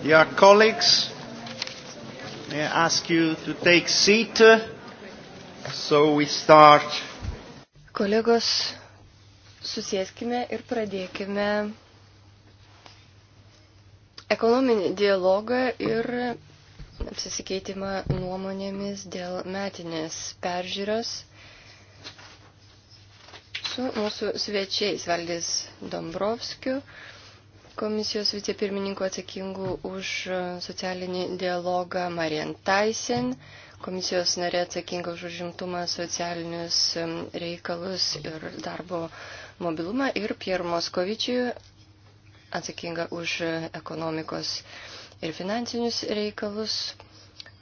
Dear colleagues, may I ask you to take seat so we start. Kolegos, susieskime ir pradėkime ekonominį dialogą ir apsisikeitimą nuomonėmis dėl metinės peržiūros su mūsų svečiais Valdis Dombrovskiu, komisijos vicepirmininku atsakingu už e, socialinį dialogą Marian Tyson, komisijos narė atsakinga už užimtumą socialinius e, reikalus ir darbo mobilumą ir Pierre Moskovičiui atsakinga už e, ekonomikos ir finansinius reikalus,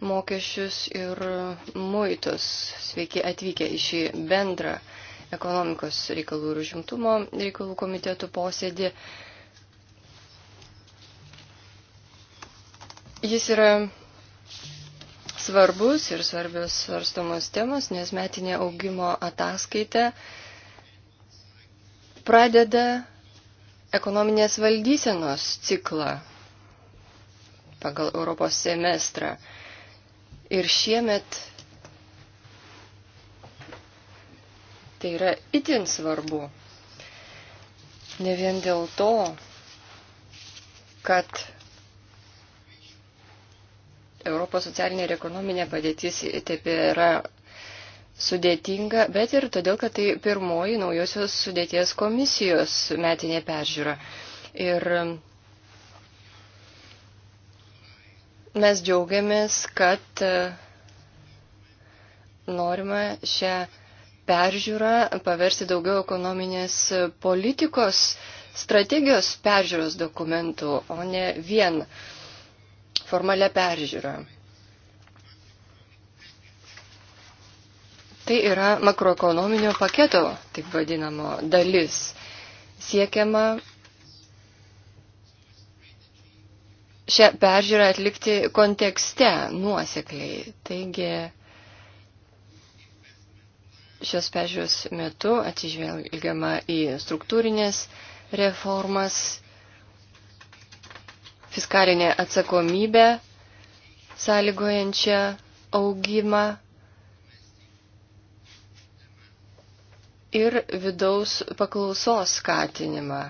mokesčius ir muitus. Sveiki atvykę į šį bendrą ekonomikos reikalų ir užimtumo reikalų komitetų posėdį. Jis yra svarbus ir svarbios svarstomos temos, nes metinė augimo ataskaita pradeda ekonominės valdysenos ciklą pagal Europos semestrą. Ir šiemet tai yra itin svarbu. Ne vien dėl to, kad Europos socialinė ir ekonominė padėtis taip yra sudėtinga, bet ir todėl, kad tai pirmoji naujosios sudėties komisijos metinė peržiūra. Ir mes džiaugiamės, kad e, norima šią peržiūrą paversti daugiau ekonominės politikos strategijos peržiūros dokumentų, o ne vien uh, formalią peržiūrą. Tai yra makroekonominio paketo, taip vadinamo, dalis. Siekiama šią peržiūrą atlikti kontekste nuosekliai. Taigi šios peržiūros metu atsižvelgiama į struktūrinės reformas fiskalinę atsakomybę sąlygojančią augimą ir vidaus paklausos skatinimą.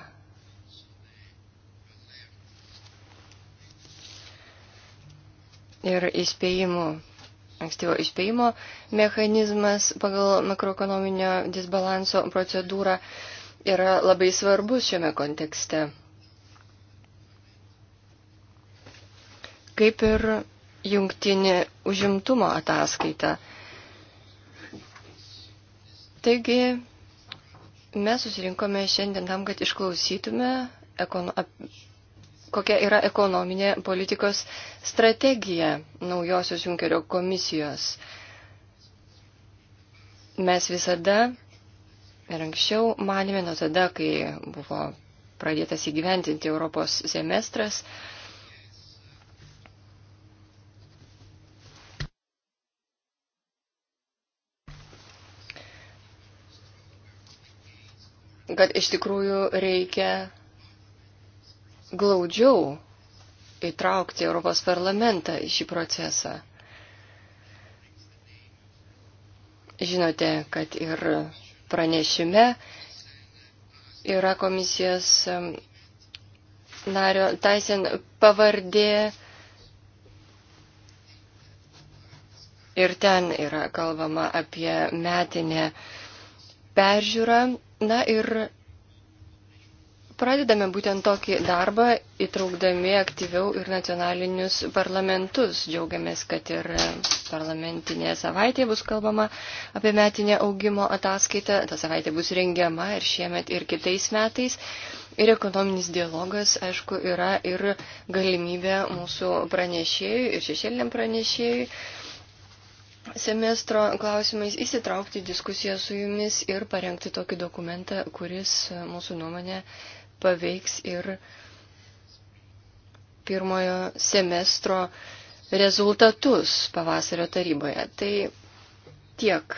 Ir įspėjimų, ankstyvo įspėjimo mechanizmas pagal makroekonominio disbalanso procedūrą yra labai svarbus šiame kontekste. kaip ir jungtinė užimtumo ataskaita. Taigi, mes susirinkome šiandien tam, kad išklausytume, ekono, kokia yra ekonominė politikos strategija naujosios Junkerio komisijos. Mes visada ir anksčiau manėme nuo tada, kai buvo pradėtas įgyventinti Europos semestras, kad iš tikrųjų reikia glaudžiau įtraukti Europos parlamentą į šį procesą. Žinote, kad ir pranešime yra komisijos nario Taisen pavardė ir ten yra kalbama apie metinę peržiūrą Na ir pradedame būtent tokį darbą, įtraukdami aktyviau ir nacionalinius parlamentus. Džiaugiamės, kad ir parlamentinėje savaitėje bus kalbama apie metinę augimo ataskaitą. Ta savaitė bus rengiama ir šiemet, ir kitais metais. Ir ekonominis dialogas, aišku, yra ir galimybė mūsų pranešėjui ir šešėliniam pranešėjui semestro klausimais įsitraukti diskusiją su jumis ir parengti tokį dokumentą, kuris e, mūsų nuomonė paveiks ir pirmojo semestro rezultatus pavasario taryboje. Tai tiek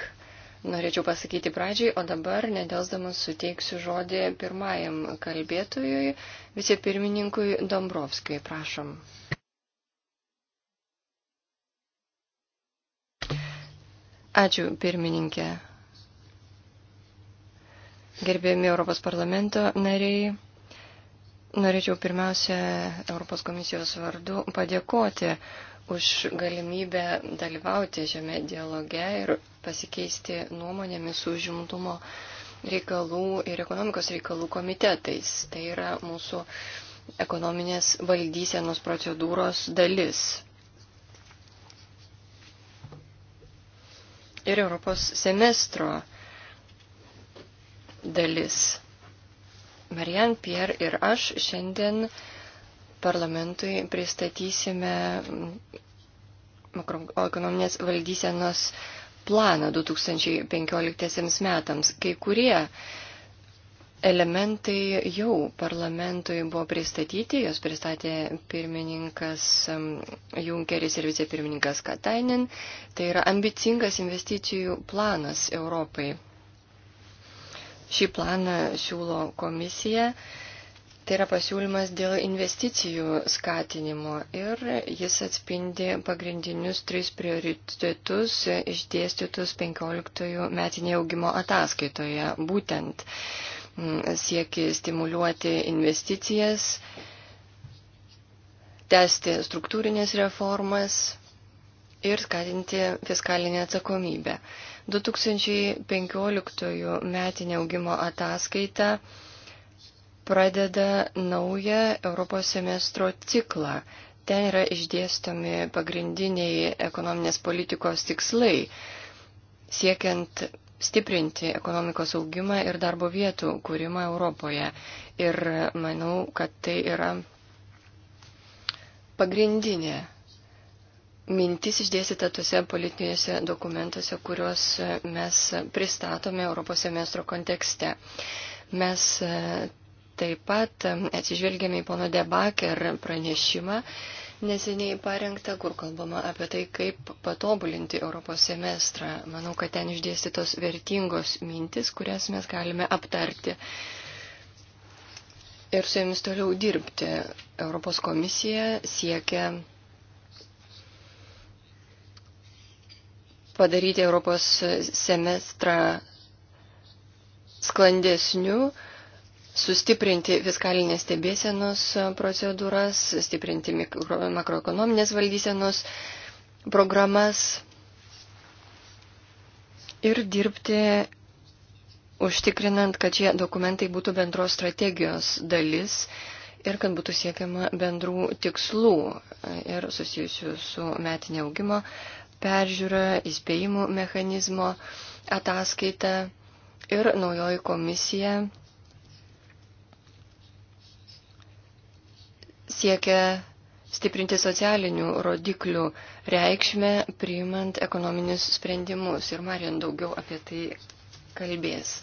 norėčiau pasakyti pradžiai, o dabar nedelsdamas suteiksiu žodį pirmajam kalbėtojui, vicepirmininkui Dombrovskijui. Prašom. Ačiū, pirmininkė. Gerbėjami Europos parlamento nariai. Norėčiau pirmiausia Europos komisijos vardu padėkoti už galimybę dalyvauti šiame dialoge ir pasikeisti nuomonėmis su žimtumo reikalų ir ekonomikos reikalų komitetais. Tai yra mūsų ekonominės valdysenos procedūros dalis. ir Europos semestro dalis. Marian Pierre ir aš šiandien parlamentui pristatysime makroekonominės valdysenos planą 2015 metams. Kai kurie elementai jau parlamentui buvo pristatyti, jos pristatė pirmininkas Junkeris ir vicepirmininkas Katainin. Tai yra ambicingas investicijų planas Europai. Šį planą siūlo komisija. Tai yra pasiūlymas dėl investicijų skatinimo ir jis atspindi pagrindinius tris prioritetus išdėstytus 15 metinėje augimo ataskaitoje. Būtent uh, sieki stimuliuoti investicijas, tęsti struktūrinės reformas ir skatinti fiskalinę atsakomybę. 2015 metinė augimo ataskaita pradeda naują Europos semestro ciklą. Ten yra išdėstomi pagrindiniai ekonominės politikos tikslai, siekiant stiprinti ekonomikos augimą ir darbo vietų kūrimą Europoje. Ir manau, kad tai yra pagrindinė mintis išdėstyta tuose politinėse dokumentuose, kuriuos mes pristatome Europos semestro kontekste. Mes e, taip pat e, atsižvelgėme į pono Debaker pranešimą neseniai parengta, kur kalbama apie tai, kaip patobulinti Europos semestrą. Manau, kad ten išdėstytos vertingos mintis, kurias mes galime aptarti ir su jomis toliau dirbti. Europos komisija siekia padaryti Europos semestrą sklandesniu sustiprinti fiskalinės stebėsenos procedūras, stiprinti makroekonominės valdysenos programas ir dirbti užtikrinant, kad šie dokumentai būtų bendros strategijos dalis ir kad būtų siekiama bendrų tikslų ir susijusių su metinė augimo peržiūra, įspėjimų mechanizmo ataskaita ir naujoji komisija siekia stiprinti socialinių rodiklių reikšmę priimant ekonominius sprendimus. Ir Marian daugiau apie tai kalbės.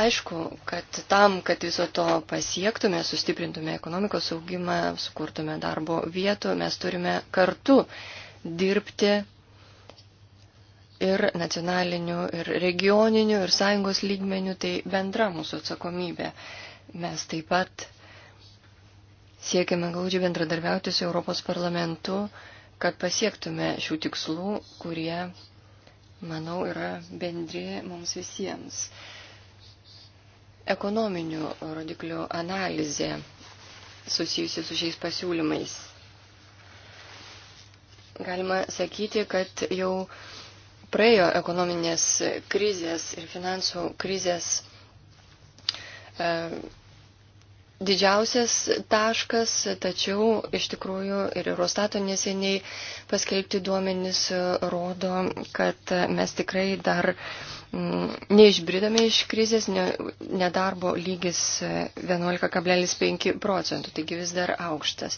Aišku, kad tam, kad viso to pasiektume, sustiprintume ekonomikos augimą, sukurtume darbo vietų, mes turime kartu dirbti ir nacionaliniu, ir regioniniu, ir sąjungos lygmeniu, tai bendra mūsų atsakomybė. Mes taip pat Siekiame glaudžiai bendradarbiauti su Europos parlamentu, kad pasiektume šių tikslų, kurie, manau, yra bendri mums visiems. Ekonominių rodiklių analizė susijusi su šiais pasiūlymais. Galima sakyti, kad jau praėjo ekonominės krizės ir finansų krizės e, didžiausias taškas, tačiau iš tikrųjų ir Eurostato neseniai paskelbti duomenys rodo, kad mes tikrai dar mm, neišbridome iš krizės, ne, nedarbo lygis 11,5 procentų, taigi vis dar aukštas.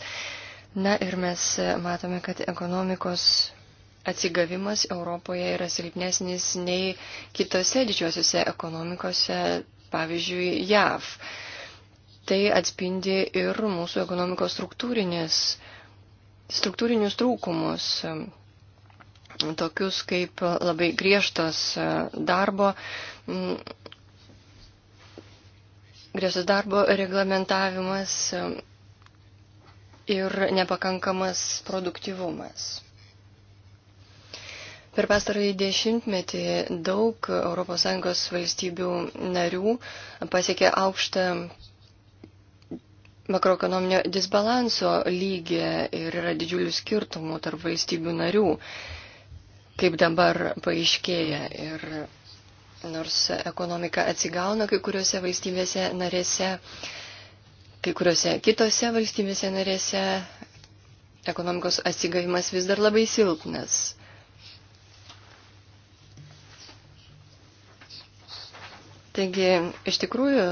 Na ir mes matome, kad ekonomikos atsigavimas Europoje yra silpnesnis nei kitose didžiosiuose ekonomikose, pavyzdžiui, JAV tai atspindi ir mūsų ekonomikos struktūrinius trūkumus, tokius kaip labai griežtas darbo, griežtas darbo reglamentavimas ir nepakankamas produktyvumas. Per pastarąjį dešimtmetį daug ES valstybių narių pasiekė aukštą makroekonominio disbalanso lygį ir yra didžiulių skirtumų tarp valstybių narių, kaip dabar paaiškėja. Ir nors ekonomika atsigauna kai kuriuose valstybėse narėse, kai kuriuose kitose valstybėse narėse ekonomikos atsigavimas vis dar labai silpnas. Taigi, iš tikrųjų,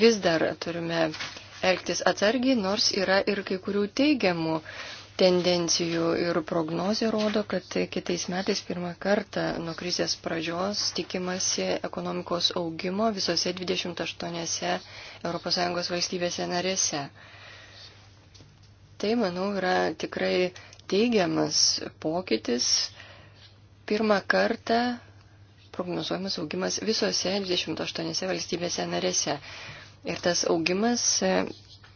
vis dar turime elgtis atsargiai, nors yra ir kai kurių teigiamų tendencijų ir prognozija rodo, kad kitais metais pirmą kartą nuo krizės pradžios tikimasi ekonomikos augimo visose 28 ES valstybėse narėse. Tai, manau, yra tikrai teigiamas pokytis. Pirmą kartą prognozuojamas augimas visose 28 valstybėse narėse. Ir tas augimas e,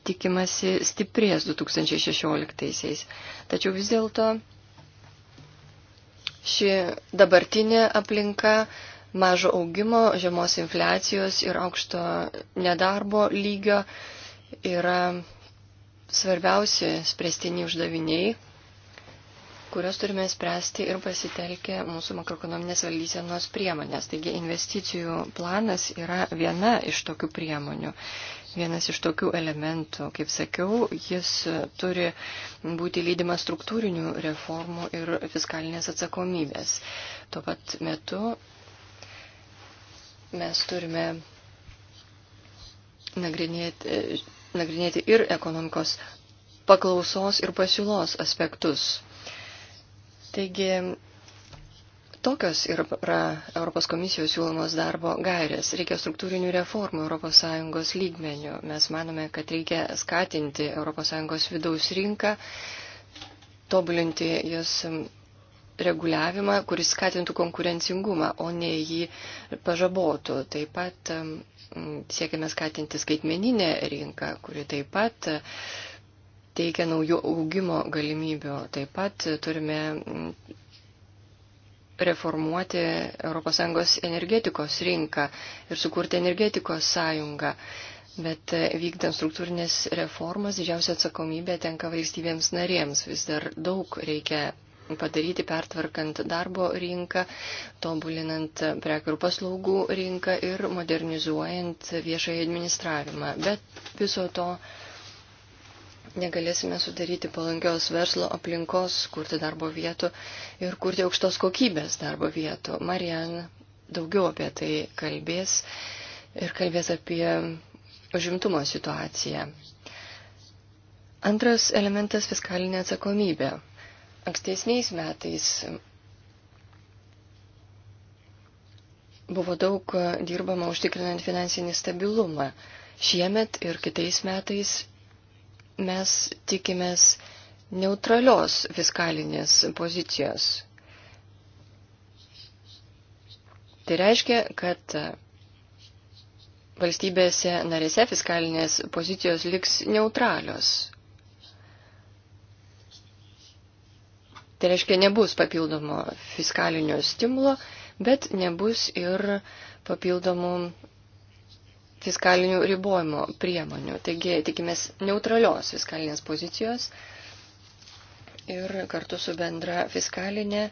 tikimasi stiprės 2016-aisiais. Tačiau vis dėlto ši dabartinė aplinka mažo augimo, žemos infliacijos ir aukšto nedarbo lygio yra svarbiausi spręstiniai uždaviniai kurias turime spręsti ir pasitelkę mūsų makroekonominės valdysenos priemonės. Taigi investicijų planas yra viena iš tokių priemonių, vienas iš tokių elementų. Kaip sakiau, jis turi būti lydimas struktūrinių reformų ir fiskalinės atsakomybės. Tuo pat metu mes turime nagrinėti, nagrinėti ir ekonomikos paklausos ir pasiūlos aspektus Taigi, tokios yra Europos komisijos siūlomos darbo gairės. Reikia struktūrinių reformų ES lygmenių. Mes manome, kad reikia skatinti ES vidaus rinką, tobulinti jos reguliavimą, kuris skatintų konkurencingumą, o ne jį pažabotų. Taip pat siekiame skatinti skaitmeninę rinką, kuri taip pat teikia naujų augimo galimybių. Taip pat turime reformuoti ES energetikos rinką ir sukurti energetikos sąjungą. Bet vykdant struktūrinės reformas didžiausia atsakomybė tenka valstybėms narėms. Vis dar daug reikia padaryti pertvarkant darbo rinką, tobulinant prekių ir paslaugų rinką ir modernizuojant viešąją administravimą. Bet viso to negalėsime sudaryti palankios verslo aplinkos, kurti darbo vietų ir kurti aukštos kokybės darbo vietų. Marian daugiau apie tai kalbės ir kalbės apie užimtumo situaciją. Antras elementas - fiskalinė atsakomybė. Ankstesniais metais buvo daug dirbama užtikrinant finansinį stabilumą. Šiemet ir kitais metais mes tikimės neutralios fiskalinės pozicijos. Tai reiškia, kad valstybėse narėse fiskalinės pozicijos liks neutralios. Tai reiškia, nebus papildomo fiskalinio stimulo, bet nebus ir papildomų fiskalinių ribojimo priemonių. Taigi tikimės neutralios fiskalinės pozicijos ir kartu su bendra fiskalinė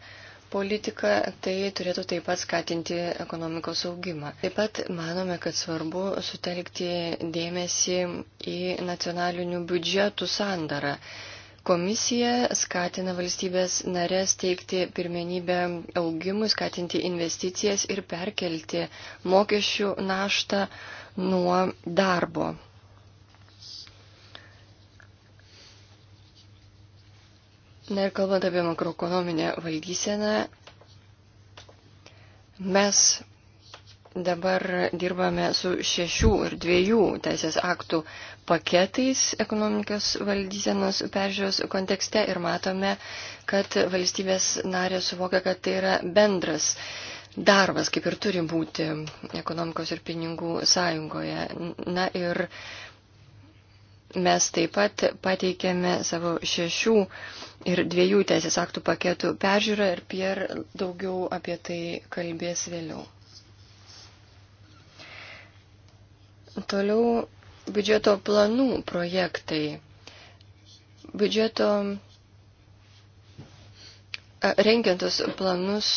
politika tai turėtų taip pat skatinti ekonomikos augimą. Taip pat manome, kad svarbu sutelkti dėmesį į nacionalinių biudžetų sandarą. Komisija skatina valstybės narės teikti pirmenybę augimui, skatinti investicijas ir perkelti mokesčių naštą nuo darbo. Na ir kalbant apie makroekonominę valdyseną, mes dabar dirbame su šešių ir dviejų teisės aktų paketais ekonomikos valdysenos peržiūros kontekste ir matome, kad valstybės narė suvokia, kad tai yra bendras darbas, kaip ir turi būti ekonomikos ir pinigų sąjungoje. Na ir mes taip pat pateikėme savo šešių ir dviejų teisės aktų paketų peržiūrą ir Pierre daugiau apie tai kalbės vėliau. Toliau biudžeto planų projektai. Biudžeto rengiantus planus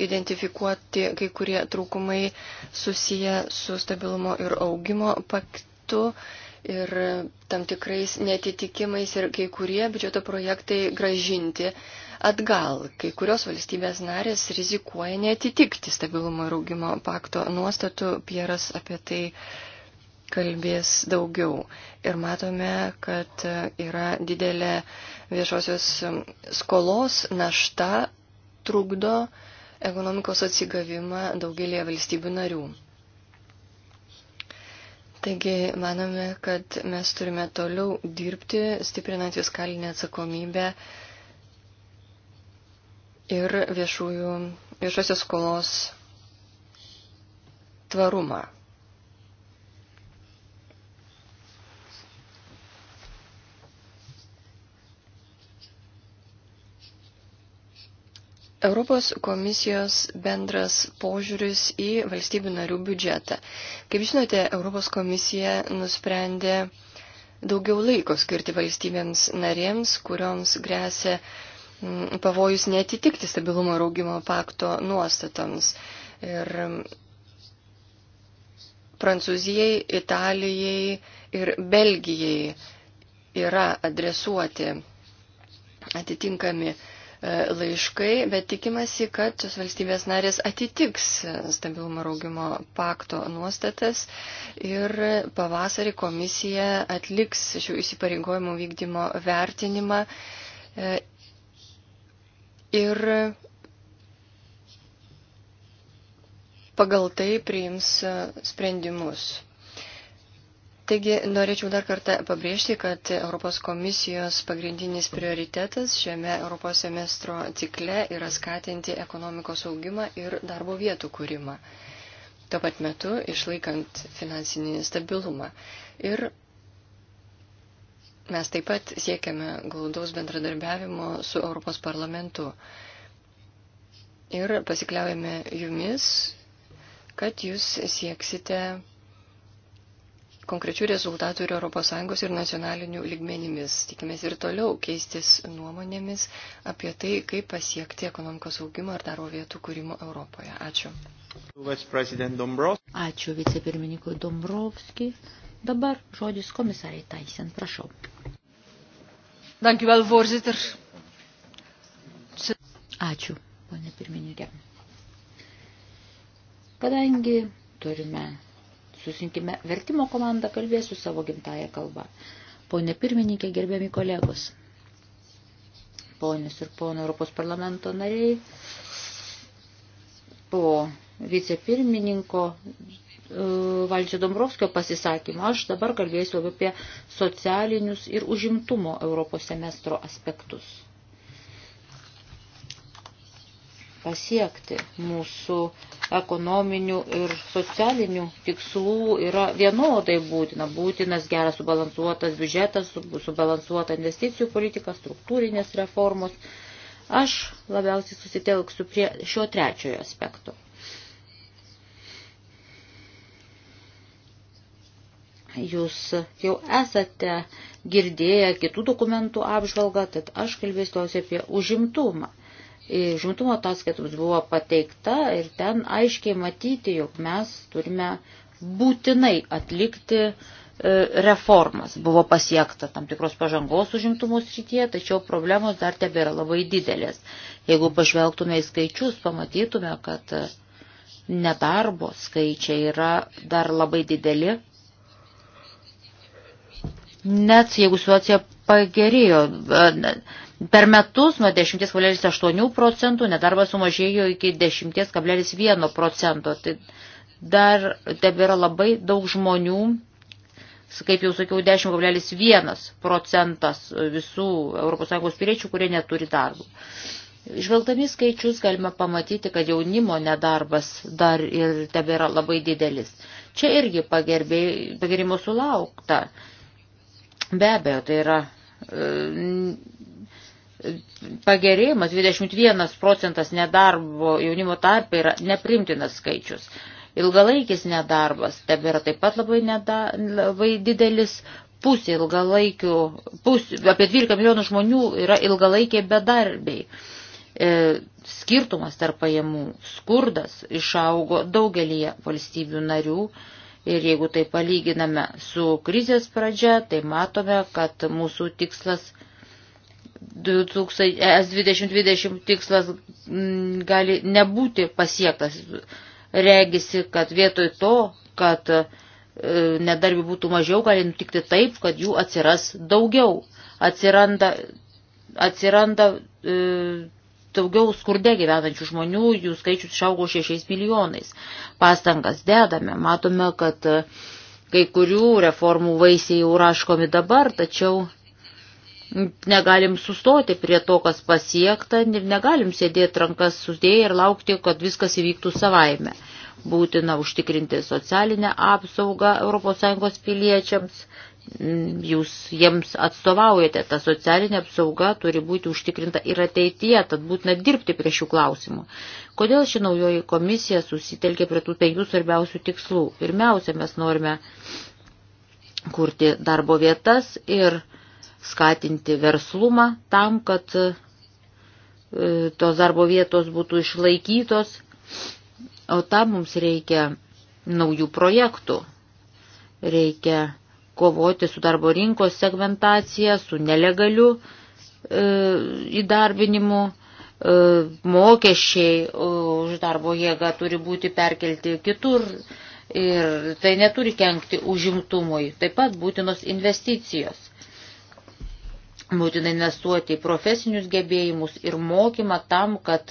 identifikuoti kai kurie trūkumai susiję su stabilumo ir augimo paktu ir tam tikrais netitikimais ir kai kurie biudžeto projektai gražinti atgal. Kai kurios valstybės narės rizikuoja netitikti stabilumo ir augimo pakto nuostatų. Pieras apie tai kalbės daugiau. Ir matome, kad yra didelė viešosios skolos našta trukdo ekonomikos atsigavimą daugelėje valstybių narių. Taigi manome, kad mes turime toliau dirbti, stiprinant fiskalinę atsakomybę ir viešųjų, viešosios skolos tvarumą. Europos komisijos bendras požiūris į valstybių narių biudžetą. Kaip žinote, Europos komisija nusprendė daugiau laiko skirti valstybėms narėms, kurioms grėsia mm, pavojus netitikti stabilumo ir augimo pakto nuostatoms. Ir mm, Prancūzijai, Italijai ir Belgijai yra adresuoti atitinkami E, laiškai, bet tikimasi, kad šios valstybės narės atitiks stabilumo raugimo pakto nuostatas ir pavasarį komisija atliks šių įsipareigojimų vykdymo vertinimą e, ir pagal tai priims sprendimus. Taigi norėčiau dar kartą pabrėžti, kad Europos komisijos pagrindinis prioritetas šiame Europos semestro cikle yra skatinti ekonomikos augimą ir darbo vietų kūrimą. Tuo pat metu išlaikant finansinį stabilumą. Ir mes taip pat siekiame glaudaus bendradarbiavimo su Europos parlamentu. Ir pasikliaujame jumis, kad jūs sieksite konkrečių rezultatų ir ES ir nacionalinių lygmenimis. Tikimės ir toliau keistis nuomonėmis apie tai, kaip pasiekti ekonomikos augimo ir darbo vietų kūrimo Europoje. Ačiū. Ačiū vicepirmininkui Dombrovski. Dabar žodis komisarai Taisen, prašau. Dankjewel, voorzitter. Ačiū, ponė pirmininkė. Kadangi turime susinkime vertimo komandą, kalbėsiu savo gimtają kalbą. Pone pirmininkė, gerbiami kolegos, ponius ir pono Europos parlamento nariai, po vicepirmininko e, Valdžio Dombrovskio pasisakymą, aš dabar kalbėsiu apie socialinius ir užimtumo Europos semestro aspektus. pasiekti. Mūsų ekonominių ir socialinių tikslų yra vienodai būtina. Būtinas geras subalansuotas biudžetas, subalansuota investicijų politika, struktūrinės reformos. Aš labiausiai susitelksiu prie šio trečiojo aspekto. Jūs jau esate girdėję kitų dokumentų apžvalgą, tad aš kalbėsiu apie užimtumą Žimtumo ataskaitoms buvo pateikta ir ten aiškiai matyti, jog mes turime būtinai atlikti e, reformas. Buvo pasiekta tam tikros pažangos užimtumo srityje, tačiau problemos dar tebėra labai didelės. Jeigu pažvelgtume į skaičius, pamatytume, kad e, nedarbo skaičiai yra dar labai dideli. Net jeigu situacija pagerėjo, e, Per metus nuo 10,8 procentų nedarbas sumažėjo iki 10,1 procento. Tai dar tebėra labai daug žmonių, kaip jau sakiau, 10,1 procentas visų ES piliečių, kurie neturi darbų. Žvelgdami skaičius galime pamatyti, kad jaunimo nedarbas dar ir tebėra labai didelis. Čia irgi pagerimo sulaukta. Be abejo, tai yra e, pagerėjimas 21 procentas nedarbo jaunimo tarpe yra neprimtinas skaičius. Ilgalaikis nedarbas tebėra taip pat labai, neda, labai didelis. Pusė ilgalaikių, pusė, apie 12 milijonų žmonių yra ilgalaikiai bedarbiai. E, skirtumas tarp pajamų, skurdas išaugo daugelįje valstybių narių. Ir jeigu tai palyginame su krizės pradžia, tai matome, kad mūsų tikslas S2020 tikslas mm, gali nebūti pasiektas. Regisi, kad vietoj to, kad e, nedarbi būtų mažiau, gali nutikti taip, kad jų atsiras daugiau. Atsiranda, atsiranda e, daugiau skurde gyvenančių žmonių, jų skaičius išaugo 6 milijonais. Pastangas dedame, matome, kad e, kai kurių reformų vaisiai jau raškomi dabar, tačiau negalim sustoti prie to, kas pasiekta, negalim sėdėti rankas sudėję ir laukti, kad viskas įvyktų savaime. Būtina užtikrinti socialinę apsaugą ES piliečiams, mm, jūs jiems atstovaujate, ta socialinė apsauga turi būti užtikrinta ir ateityje, tad būtina dirbti prie šių klausimų. Kodėl ši naujoji komisija susitelkė prie tų penkių svarbiausių tikslų? Pirmiausia, mes norime kurti darbo vietas ir uh, skatinti verslumą tam, kad e, tos darbo vietos būtų išlaikytos, o tam mums reikia naujų projektų. Reikia kovoti su darbo rinkos segmentacija, su nelegaliu e, įdarbinimu, e, mokesčiai už darbo jėgą turi būti perkelti kitur ir tai neturi kenkti užimtumui. Taip pat būtinos investicijos būtina investuoti į profesinius gebėjimus ir mokymą tam, kad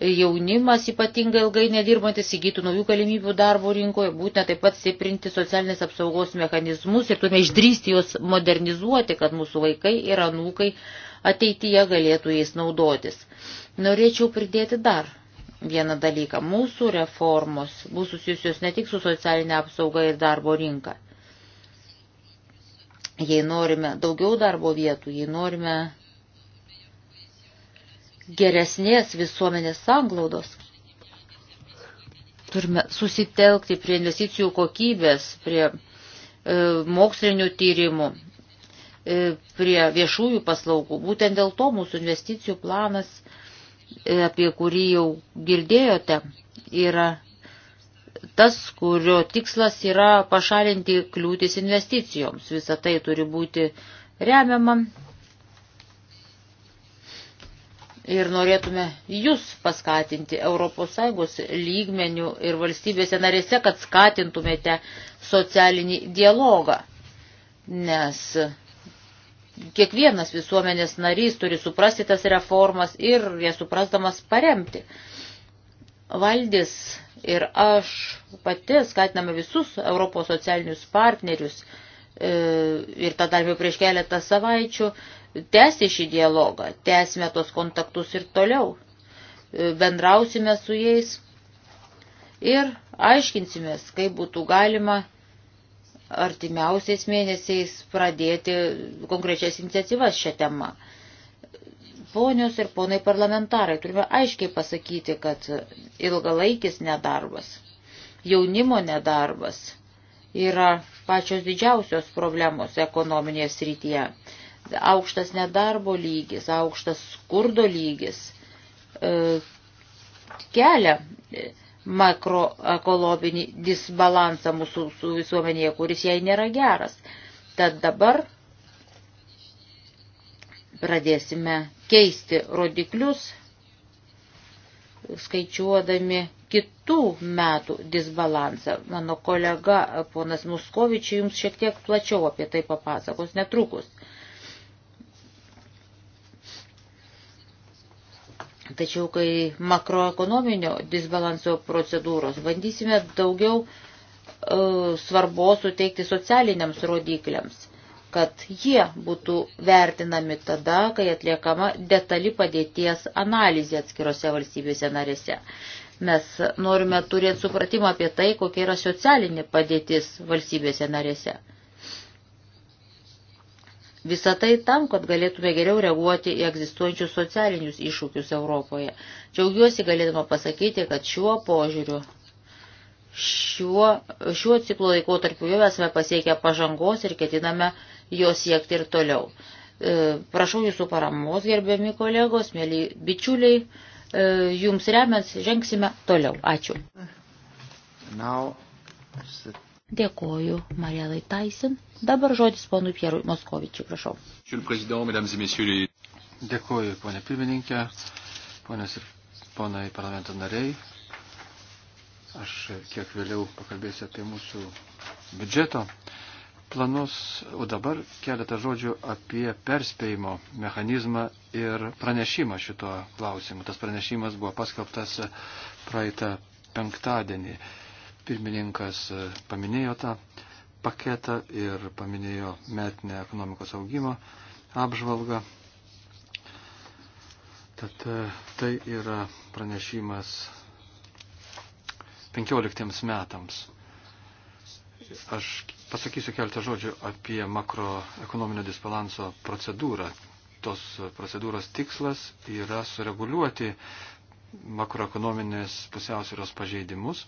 jaunimas ypatingai ilgai nedirbantis įgytų naujų galimybių darbo rinkoje, būtina taip pat stiprinti socialinės apsaugos mechanizmus ir turime išdrysti juos modernizuoti, kad mūsų vaikai ir anūkai ateityje galėtų jais naudotis. Norėčiau pridėti dar vieną dalyką. Mūsų reformos bus susijusios ne tik su socialinė apsauga ir darbo rinka. Jei norime daugiau darbo vietų, jei norime geresnės visuomenės sanglaudos, turime susitelkti prie investicijų kokybės, prie e, mokslinių tyrimų, e, prie viešųjų paslaugų. Būtent dėl to mūsų investicijų planas, e, apie kurį jau girdėjote, yra tas, kurio tikslas yra pašalinti kliūtis investicijoms. Visą tai turi būti remiama. Ir norėtume jūs paskatinti ES lygmenių ir valstybėse narėse, kad skatintumėte socialinį dialogą. Nes kiekvienas visuomenės narys turi suprasti tas reformas ir jas suprasdamas paremti valdys ir aš pati skatiname visus Europos socialinius partnerius e, ir tą darbę prieš keletą savaičių tęsti šį dialogą, tęsime tos kontaktus ir toliau, e, bendrausime su jais ir aiškinsimės, kaip būtų galima artimiausiais mėnesiais pradėti konkrečias iniciatyvas šią temą. Ponios ir ponai parlamentarai, turime aiškiai pasakyti, kad ilgalaikis nedarbas, jaunimo nedarbas yra pačios didžiausios problemos ekonominėje srityje. Aukštas nedarbo lygis, aukštas skurdo lygis e, kelia makroekologinį disbalansą mūsų visuomenėje, kuris jai nėra geras. Tad dabar pradėsime keisti rodiklius, skaičiuodami kitų metų disbalansą. Mano kolega ponas Muskovičius jums šiek tiek plačiau apie tai papasakos netrukus. Tačiau, kai makroekonominio disbalanso procedūros bandysime daugiau e, svarbos suteikti socialiniams rodikliams kad jie būtų vertinami tada, kai atliekama detali padėties analizė atskirose valstybėse narėse. Mes norime turėti supratimą apie tai, kokia yra socialinė padėtis valstybėse narėse. Visą tai tam, kad galėtume geriau reaguoti į egzistuojančius socialinius iššūkius Europoje. Džiaugiuosi galėdama pasakyti, kad šiuo požiūriu šiuo, šiuo ciklo laikotarpiu jau esame pasiekę pažangos ir ketiname jo siekti ir toliau. E, prašau jūsų paramos, gerbiami kolegos, mėly bičiuliai, e, jums remiant žengsime toliau. Ačiū. Now, Dėkoju Marielai Taisin. Dabar žodis ponui Pierui Moskovičiui, prašau. Dėkoju, ponė pirmininkė, ponės ir ponai parlamento nariai. Aš kiek vėliau pakalbėsiu apie mūsų biudžeto planus, o dabar keletą žodžių apie perspėjimo mechanizmą ir pranešimą šito klausimu. Tas pranešimas buvo paskelbtas praeitą penktadienį. Pirmininkas paminėjo tą paketą ir paminėjo metinę ekonomikos augimo apžvalgą. Tad e, tai yra pranešimas 15 metams. Aš pasakysiu keletą žodžių apie makroekonominio disbalanso procedūrą. Tos procedūros tikslas yra sureguliuoti makroekonominės pusiausvėros pažeidimus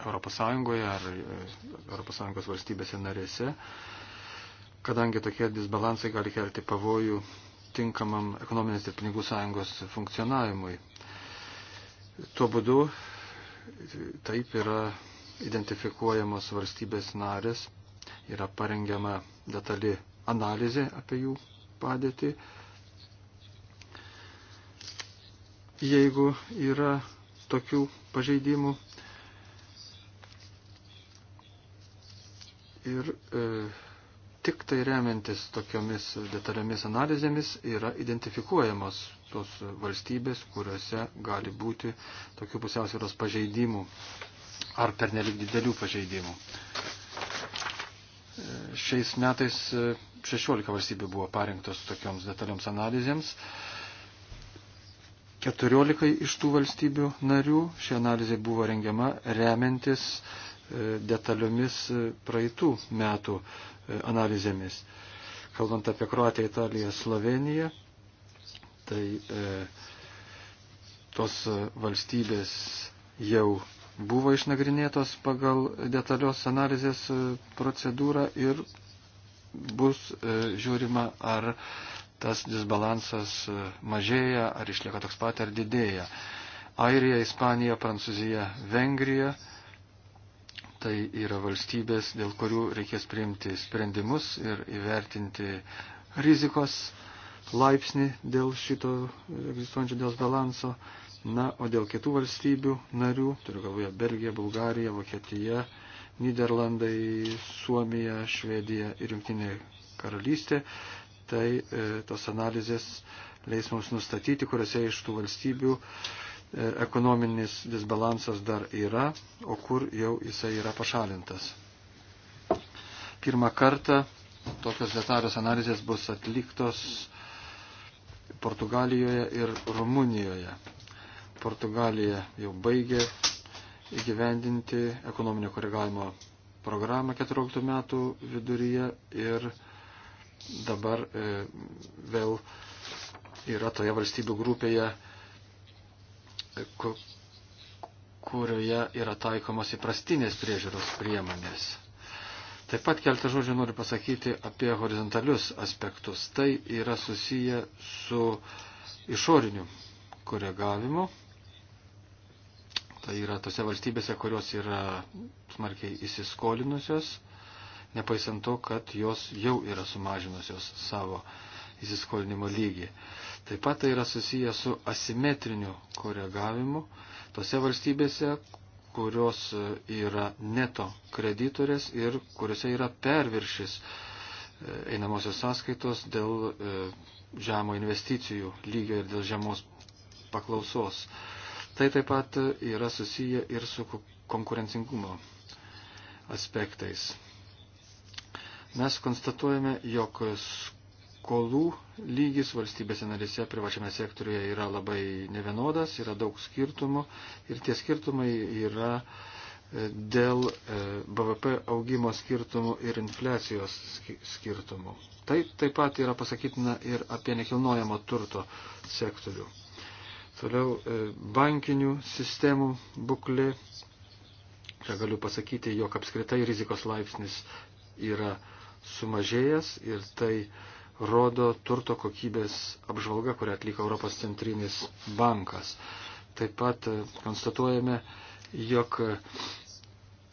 ES ar ES valstybėse narėse, kadangi tokie disbalansai gali kelti pavojų tinkamam ekonominės ir pinigų sąjungos funkcionavimui. Tuo būdu taip yra identifikuojamos valstybės narės, yra parengiama detali analizė apie jų padėtį. Jeigu yra tokių pažeidimų ir e, tik tai remiantis tokiamis detaliomis analizėmis yra identifikuojamos tos valstybės, kuriuose gali būti tokių pusiausvėros pažeidimų ar pernelik didelių pažeidimų. Šiais metais 16 e, valstybių buvo parinktos tokioms detalioms analizėms. 14 iš tų valstybių narių ši analizė buvo rengiama remiantis e, detaliomis e, praeitų metų analizėmis. Kalbant apie Kroatiją, Italiją, Sloveniją, tai e, tos valstybės jau buvo išnagrinėtos pagal detalios analizės e, procedūrą ir bus e, žiūrima, ar tas disbalansas e, mažėja, ar išlieka toks pat, ar didėja. Airija, Ispanija, Prancūzija, Vengrija. Tai yra valstybės, dėl kurių reikės priimti sprendimus ir įvertinti rizikos laipsnį dėl šito egzistuojančio dėl balanso. Na, o dėl kitų valstybių narių, turiu galvoje Belgija, Bulgarija, Vokietija, Niderlandai, Suomija, Švedija ir Junktinė karalystė, tai e, tos analizės leis mums nustatyti, kuriuose iš tų valstybių e, ekonominis disbalansas dar yra, o kur jau jisai yra pašalintas. Pirmą kartą tokios detalios analizės bus atliktos Portugalijoje ir Rumunijoje Portugalija jau baigė įgyvendinti ekonominio koregavimo programą 14 metų viduryje ir dabar e, vėl yra toje valstybių grupėje, e, kurioje yra taikomos įprastinės priežiūros priemonės. Taip pat keltą žodžių noriu pasakyti apie horizontalius aspektus. Tai yra susiję su išoriniu koregavimu tai yra tose valstybėse, kurios yra smarkiai įsiskolinusios, nepaisant to, kad jos jau yra sumažinusios savo įsiskolinimo lygį. Taip pat tai yra susiję su asimetriniu koregavimu tose valstybėse, kurios yra neto kreditorės ir kuriuose yra perviršis e, einamosios sąskaitos dėl e, žemo investicijų lygio ir dėl žemos paklausos. Tai taip pat yra susiję ir su konkurencingumo aspektais. Mes konstatuojame, jog skolų lygis valstybėse narėse privačiame sektoriuje yra labai nevienodas, yra daug skirtumų ir tie skirtumai yra e, dėl e, BVP augimo skirtumų ir infliacijos skirtumų. Tai taip pat yra pasakytina ir apie nekilnojamo turto sektorių. Toliau e, bankinių sistemų būklė. Čia galiu pasakyti, jog apskritai rizikos laipsnis yra sumažėjęs ir tai rodo turto kokybės apžvalga, kurią atliko Europos centrinis bankas. Taip pat e, konstatuojame, jog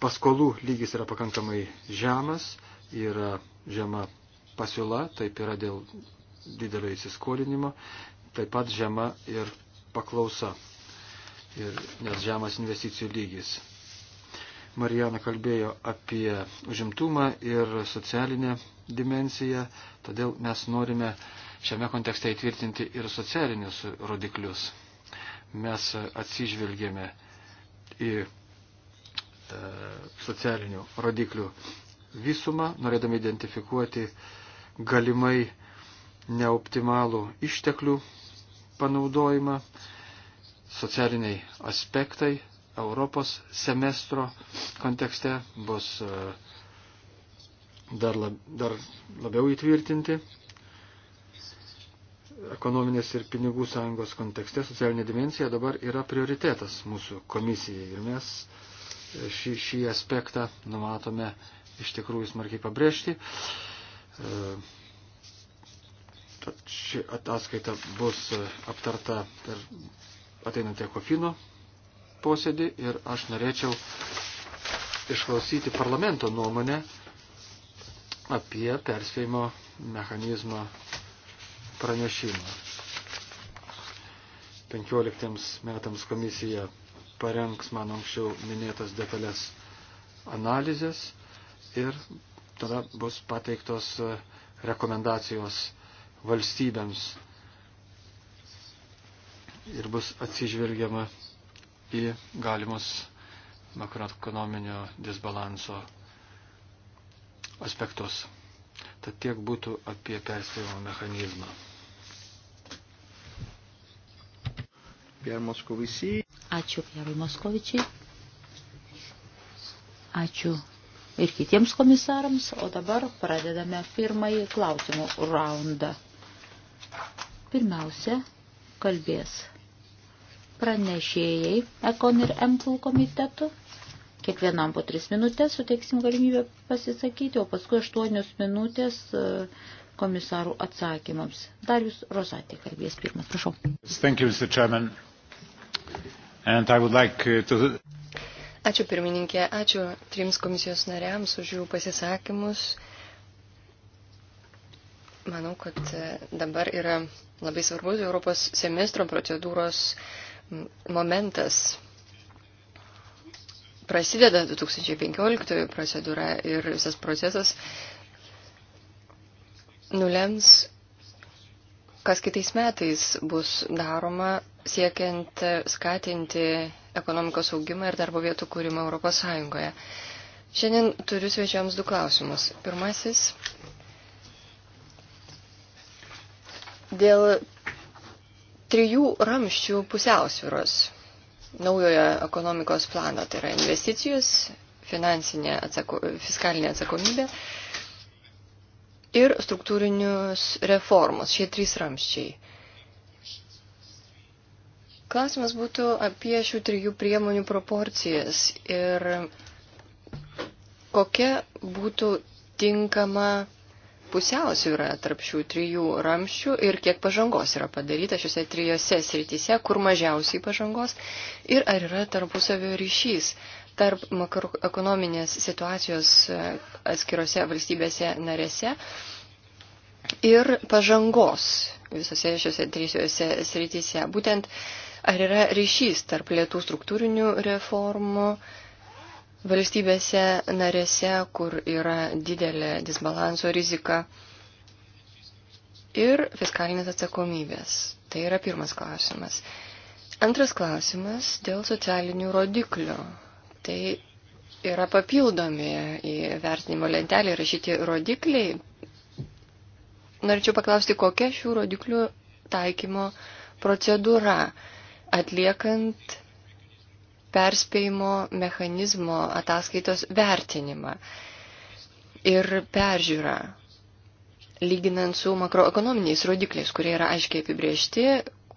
paskolų lygis yra pakankamai žemas, yra žema pasiūla, taip yra dėl didelio įsiskolinimo, taip pat žema ir paklausa, ir, nes žemas investicijų lygis. Marijana kalbėjo apie užimtumą ir socialinę dimensiją, todėl mes norime šiame kontekste įtvirtinti ir socialinius rodiklius. Mes atsižvelgėme į e, socialinių rodiklių visumą, norėdami identifikuoti galimai neoptimalų išteklių panaudojimą, socialiniai aspektai Europos semestro kontekste bus e, dar, lab, dar labiau įtvirtinti. Ekonominės ir pinigų sąjungos kontekste socialinė dimensija dabar yra prioritetas mūsų komisijai ir mes e, šį, šį aspektą numatome iš tikrųjų smarkiai pabrėžti. E, Tad ši ataskaita bus e, aptarta per ateinantį Kofino posėdį ir aš norėčiau išklausyti parlamento nuomonę apie perspėjimo mechanizmą pranešimą. 15 metams komisija parengs man anksčiau minėtas detalės analizės ir tada bus pateiktos e, rekomendacijos valstybėms ir bus atsižvelgiama į galimus makroekonominio disbalanso aspektus. Tad tiek būtų apie perspėjimo mechanizmą. Ačiū Pierui Moskovičiai. Ačiū ir kitiems komisarams. O dabar pradedame pirmąjį klausimų raundą. Pirmiausia, kalbės pranešėjai Ekon ir MCL komitetų. Kiekvienam po tris minutės suteiksim galimybę pasisakyti, o paskui aštuonios minutės e, komisarų atsakymams. Darius Rozatė kalbės pirmas, prašau. Thank you, Mr. Chairman. And I would like uh, to... Ačiū pirmininkė, ačiū trims komisijos nariams už jų pasisakymus. Uh, Manau, kad e, dabar yra labai svarbus Europos semestro procedūros momentas. Prasideda 2015 procedūra ir visas procesas nulems, kas kitais metais bus daroma siekiant skatinti ekonomikos augimą ir darbo vietų kūrimą Europos Sąjungoje. Šiandien turiu svečiams du klausimus. Pirmasis Dėl trijų ramščių pusiausvyros naujojo ekonomikos plano, tai yra investicijos, finansinė atsako, fiskalinė atsakomybė ir struktūrinius reformos, šie trys ramščiai. Klausimas būtų apie šių trijų priemonių proporcijas ir kokia būtų tinkama pusiausvyrą tarp šių trijų ramščių ir kiek pažangos yra padaryta šiuose trijose srityse, kur mažiausiai pažangos ir ar yra tarpusavio ryšys tarp makroekonominės situacijos e, atskirose valstybėse narėse ir pažangos visose šiuose trijose srityse. Būtent ar yra ryšys tarp lietų struktūrinių reformų, Valstybėse narėse, kur yra didelė disbalanso rizika ir fiskalinės atsakomybės. Tai yra pirmas klausimas. Antras klausimas dėl socialinių rodiklių. Tai yra papildomi į vertinimo lentelį rašyti rodikliai. Norėčiau paklausti, kokia šių rodiklių taikymo procedūra atliekant perspėjimo mechanizmo ataskaitos vertinimą ir peržiūrą, lyginant su makroekonominiais rodikliais, kurie yra aiškiai apibriežti,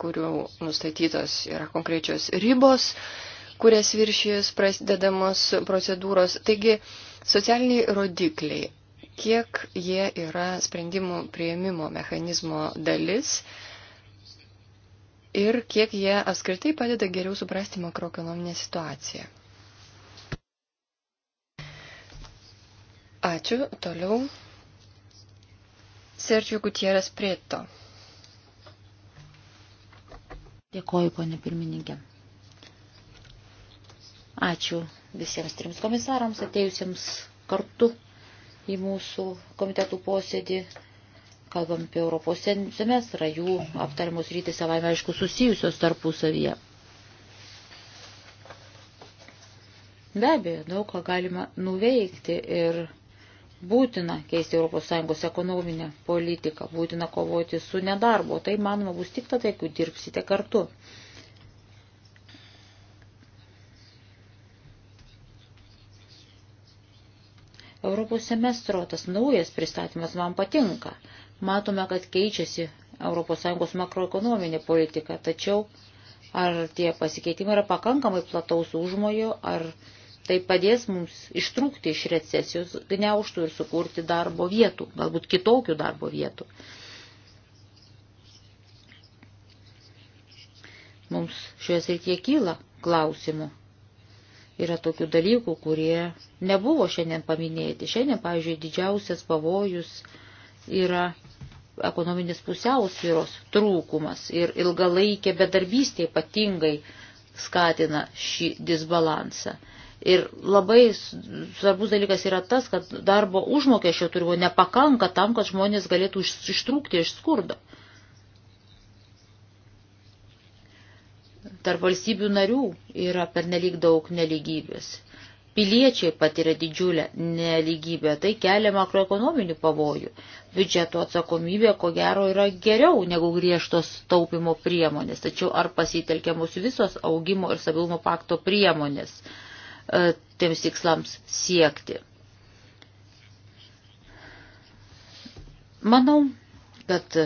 kurių nustatytos yra konkrečios ribos, kurias viršys prasidedamos procedūros. Taigi, socialiniai rodikliai, kiek jie yra sprendimų prieimimo mechanizmo dalis ir kiek jie apskritai padeda geriau suprasti makroekonominę situaciją. Ačiū. Toliau. Sergio Gutieras Prieto. Dėkoju, ponė pirmininkė. Ačiū visiems trims komisarams atėjusiems kartu į mūsų komitetų posėdį kalbam apie Europos semestrą, jų aptarimus rytis savaime aišku susijusios tarpusavyje. Be abejo, daug ką galima nuveikti ir būtina keisti ES ekonominę politiką, būtina kovoti su nedarbo. Tai, manoma, bus tik tada, jeigu dirbsite kartu. Europos semestro tas naujas pristatymas man patinka matome, kad keičiasi ES makroekonominė politika, tačiau ar tie pasikeitimai yra pakankamai plataus užmojo, ar tai padės mums ištrūkti iš recesijos gniauštų ir sukurti darbo vietų, galbūt kitokių darbo vietų. Mums šioje srityje kyla klausimų. Yra tokių dalykų, kurie nebuvo šiandien paminėti. Šiandien, pavyzdžiui, didžiausias pavojus yra ekonominės pusiausvyros trūkumas ir ilgalaikė bedarbystė ypatingai skatina šį disbalansą. Ir labai svarbus dalykas yra tas, kad darbo užmokesčio turimo nepakanka tam, kad žmonės galėtų ištrūkti iš skurdo. Tarp valstybių narių yra pernelyg daug neligybės. Piliečiai patiria didžiulę neligybę, tai kelia makroekonominių pavojų. Biudžeto atsakomybė, ko gero, yra geriau negu griežtos taupimo priemonės, tačiau ar pasitelkiamos visos augimo ir stabilumo pakto priemonės e, tiems tikslams siekti. Manau, kad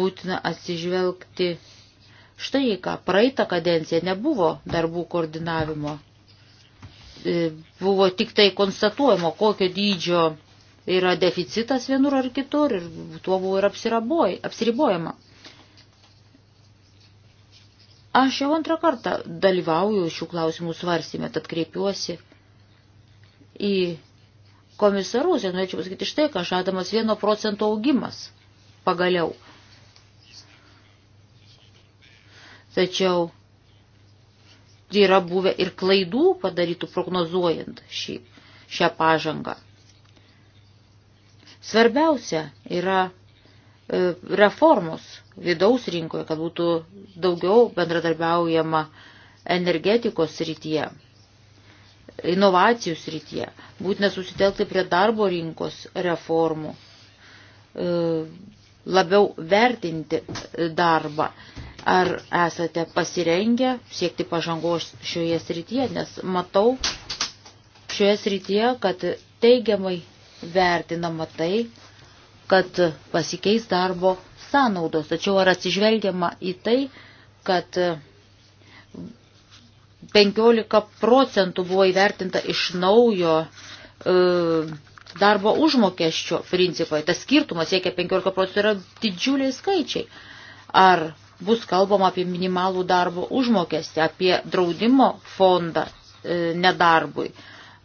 būtina atsižvelgti štai ką praeitą kadenciją nebuvo darbų koordinavimo E, buvo tik tai konstatuojama, kokio dydžio yra deficitas vienur ar kitur ir tuo buvo ir apsiribojama. Aš jau antrą kartą dalyvauju šių klausimų svarstymę, tad kreipiuosi į komisarus ir norėčiau pasakyti štai, ką žadamas vieno procento augimas pagaliau. Tačiau yra buvę ir klaidų padarytų prognozuojant šį, šią pažangą. Svarbiausia yra e, reformos vidaus rinkoje, kad būtų daugiau bendradarbiaujama energetikos srityje, inovacijų srityje, būtina susitelkti prie darbo rinkos reformų, e, labiau vertinti darbą, Ar esate pasirengę siekti pažangos šioje srityje, nes matau šioje srityje, kad teigiamai vertinama tai, kad pasikeis darbo sąnaudos. Tačiau ar atsižvelgiama į tai, kad 15 procentų buvo įvertinta iš naujo e, darbo užmokesčio principai. Tas skirtumas siekia 15 procentų yra didžiuliai skaičiai. Ar bus kalbama apie minimalų darbo užmokestį, apie draudimo fondą e, nedarbui.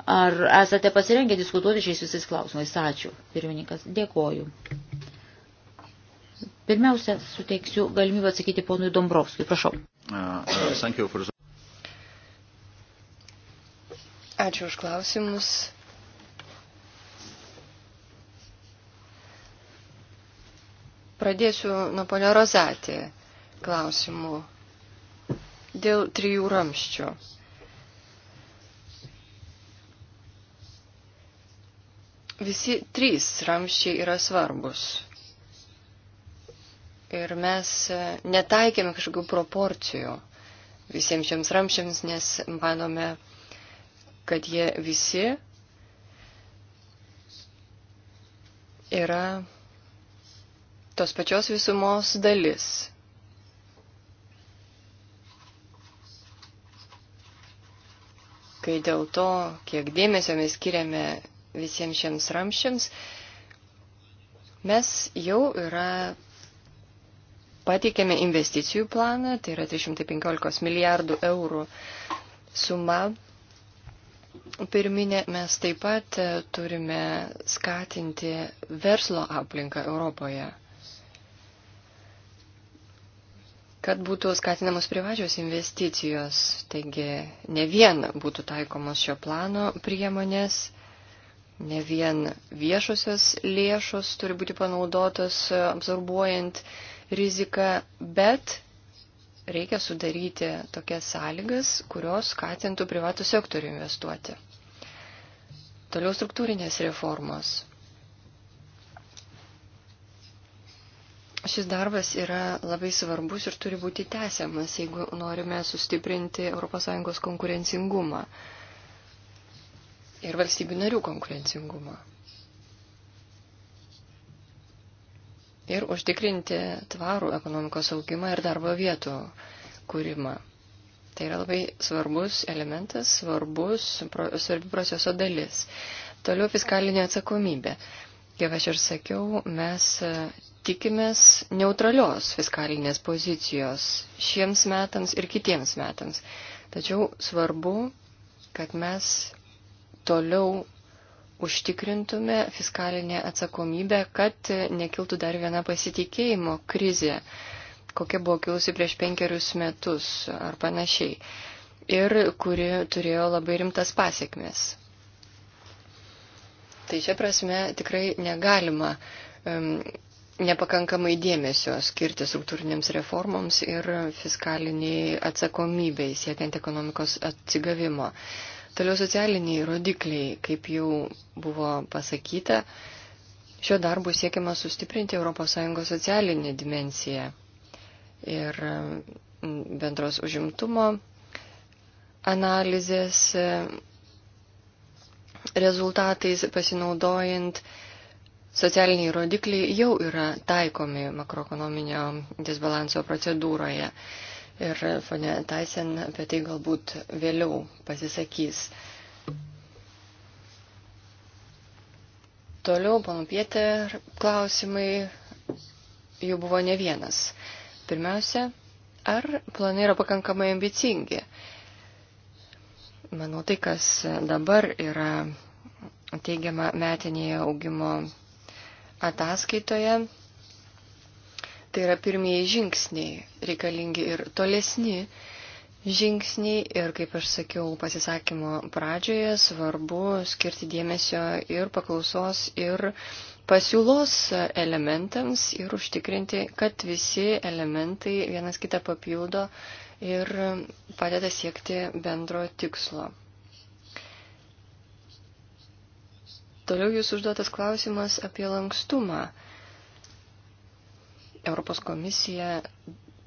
Ar esate pasirengę diskutuoti šiais visais klausimais? Ačiū, pirmininkas. Dėkoju. Pirmiausia, suteiksiu galimybę atsakyti ponui Dombrovskijui. Prašau. Uh, uh, Ačiū už klausimus. Pradėsiu nuo ponio Rozatė klausimų dėl trijų ramščių. Visi trys ramščiai yra svarbus. Ir mes e, netaikėme kažkokių proporcijų visiems šiems ramščiams, nes manome, kad jie visi yra tos pačios visumos dalis. kai dėl to, kiek dėmesio mes skiriame visiems šiems ramšiams, mes jau yra pateikėme investicijų planą, tai yra 315 milijardų eurų suma. Pirminė, mes taip pat turime skatinti verslo aplinką Europoje. kad būtų skatinamos privačios investicijos, taigi ne vien būtų taikomos šio plano priemonės, ne vien viešosios lėšos turi būti panaudotos e, absorbuojant riziką, bet reikia sudaryti tokias sąlygas, kurios skatintų privatų sektorių investuoti. Toliau struktūrinės reformos. Šis darbas yra labai svarbus ir turi būti tęsiamas, jeigu norime sustiprinti ES konkurencingumą ir valstybių narių konkurencingumą. Ir užtikrinti tvarų ekonomikos augimą ir darbo vietų kūrimą. Tai yra labai svarbus elementas, svarbus, svarbi proceso dalis. Toliau fiskalinė atsakomybė. Kaip aš ir sakiau, mes tikimės neutralios fiskalinės pozicijos šiems metams ir kitiems metams. Tačiau svarbu, kad mes toliau užtikrintume fiskalinę atsakomybę, kad nekiltų dar viena pasitikėjimo krizė, kokia buvo kilusi prieš penkerius metus ar panašiai, ir kuri turėjo labai rimtas pasiekmes. Tai čia prasme tikrai negalima um, nepakankamai dėmesio skirti struktūrinėms reformoms ir fiskaliniai atsakomybei siekiant ekonomikos atsigavimo. Toliau socialiniai rodikliai, kaip jau buvo pasakyta, šio darbu siekiama sustiprinti ES socialinį dimenciją ir bendros užimtumo analizės rezultatais pasinaudojant socialiniai rodikliai jau yra taikomi makroekonominio disbalanso procedūroje. Ir ponė Taisen apie tai galbūt vėliau pasisakys. Toliau, panu Pietė, klausimai jų buvo ne vienas. Pirmiausia, ar planai yra pakankamai ambicingi? Manau, tai, kas dabar yra teigiama metinėje augimo ataskaitoje. Tai yra pirmieji žingsniai, reikalingi ir tolesni žingsniai ir, kaip aš sakiau pasisakymo pradžioje, svarbu skirti dėmesio ir paklausos, ir pasiūlos elementams ir užtikrinti, kad visi elementai vienas kitą papildo ir padeda siekti bendro tikslo. Toliau jūs užduotas klausimas apie lankstumą. Europos komisija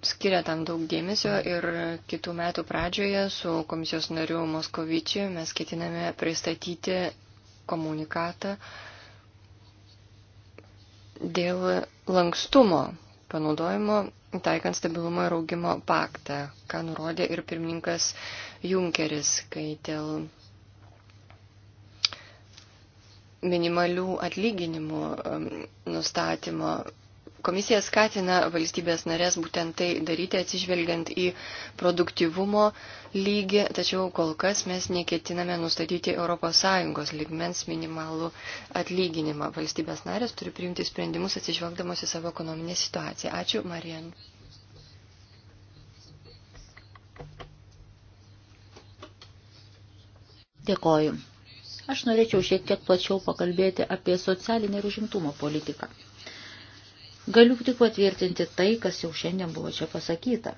skiria tam daug dėmesio ir kitų metų pradžioje su komisijos nariu Moskovičiu mes ketiname pristatyti komunikatą dėl lankstumo panaudojimo taikant stabilumo ir augimo paktą, ką nurodė ir pirmininkas Junkeris, kai dėl minimalių atlyginimų nustatymo. Komisija skatina valstybės narės būtent tai daryti atsižvelgiant į produktivumo lygį, tačiau kol kas mes neketiname nustatyti ES lygmens minimalų atlyginimą. Valstybės narės turi priimti sprendimus atsižvelgdamos į savo ekonominę situaciją. Ačiū, Marijan. Dėkoju. Aš norėčiau šiek tiek plačiau pakalbėti apie socialinę ir užimtumo politiką. Galiu tik patvirtinti tai, kas jau šiandien buvo čia pasakyta.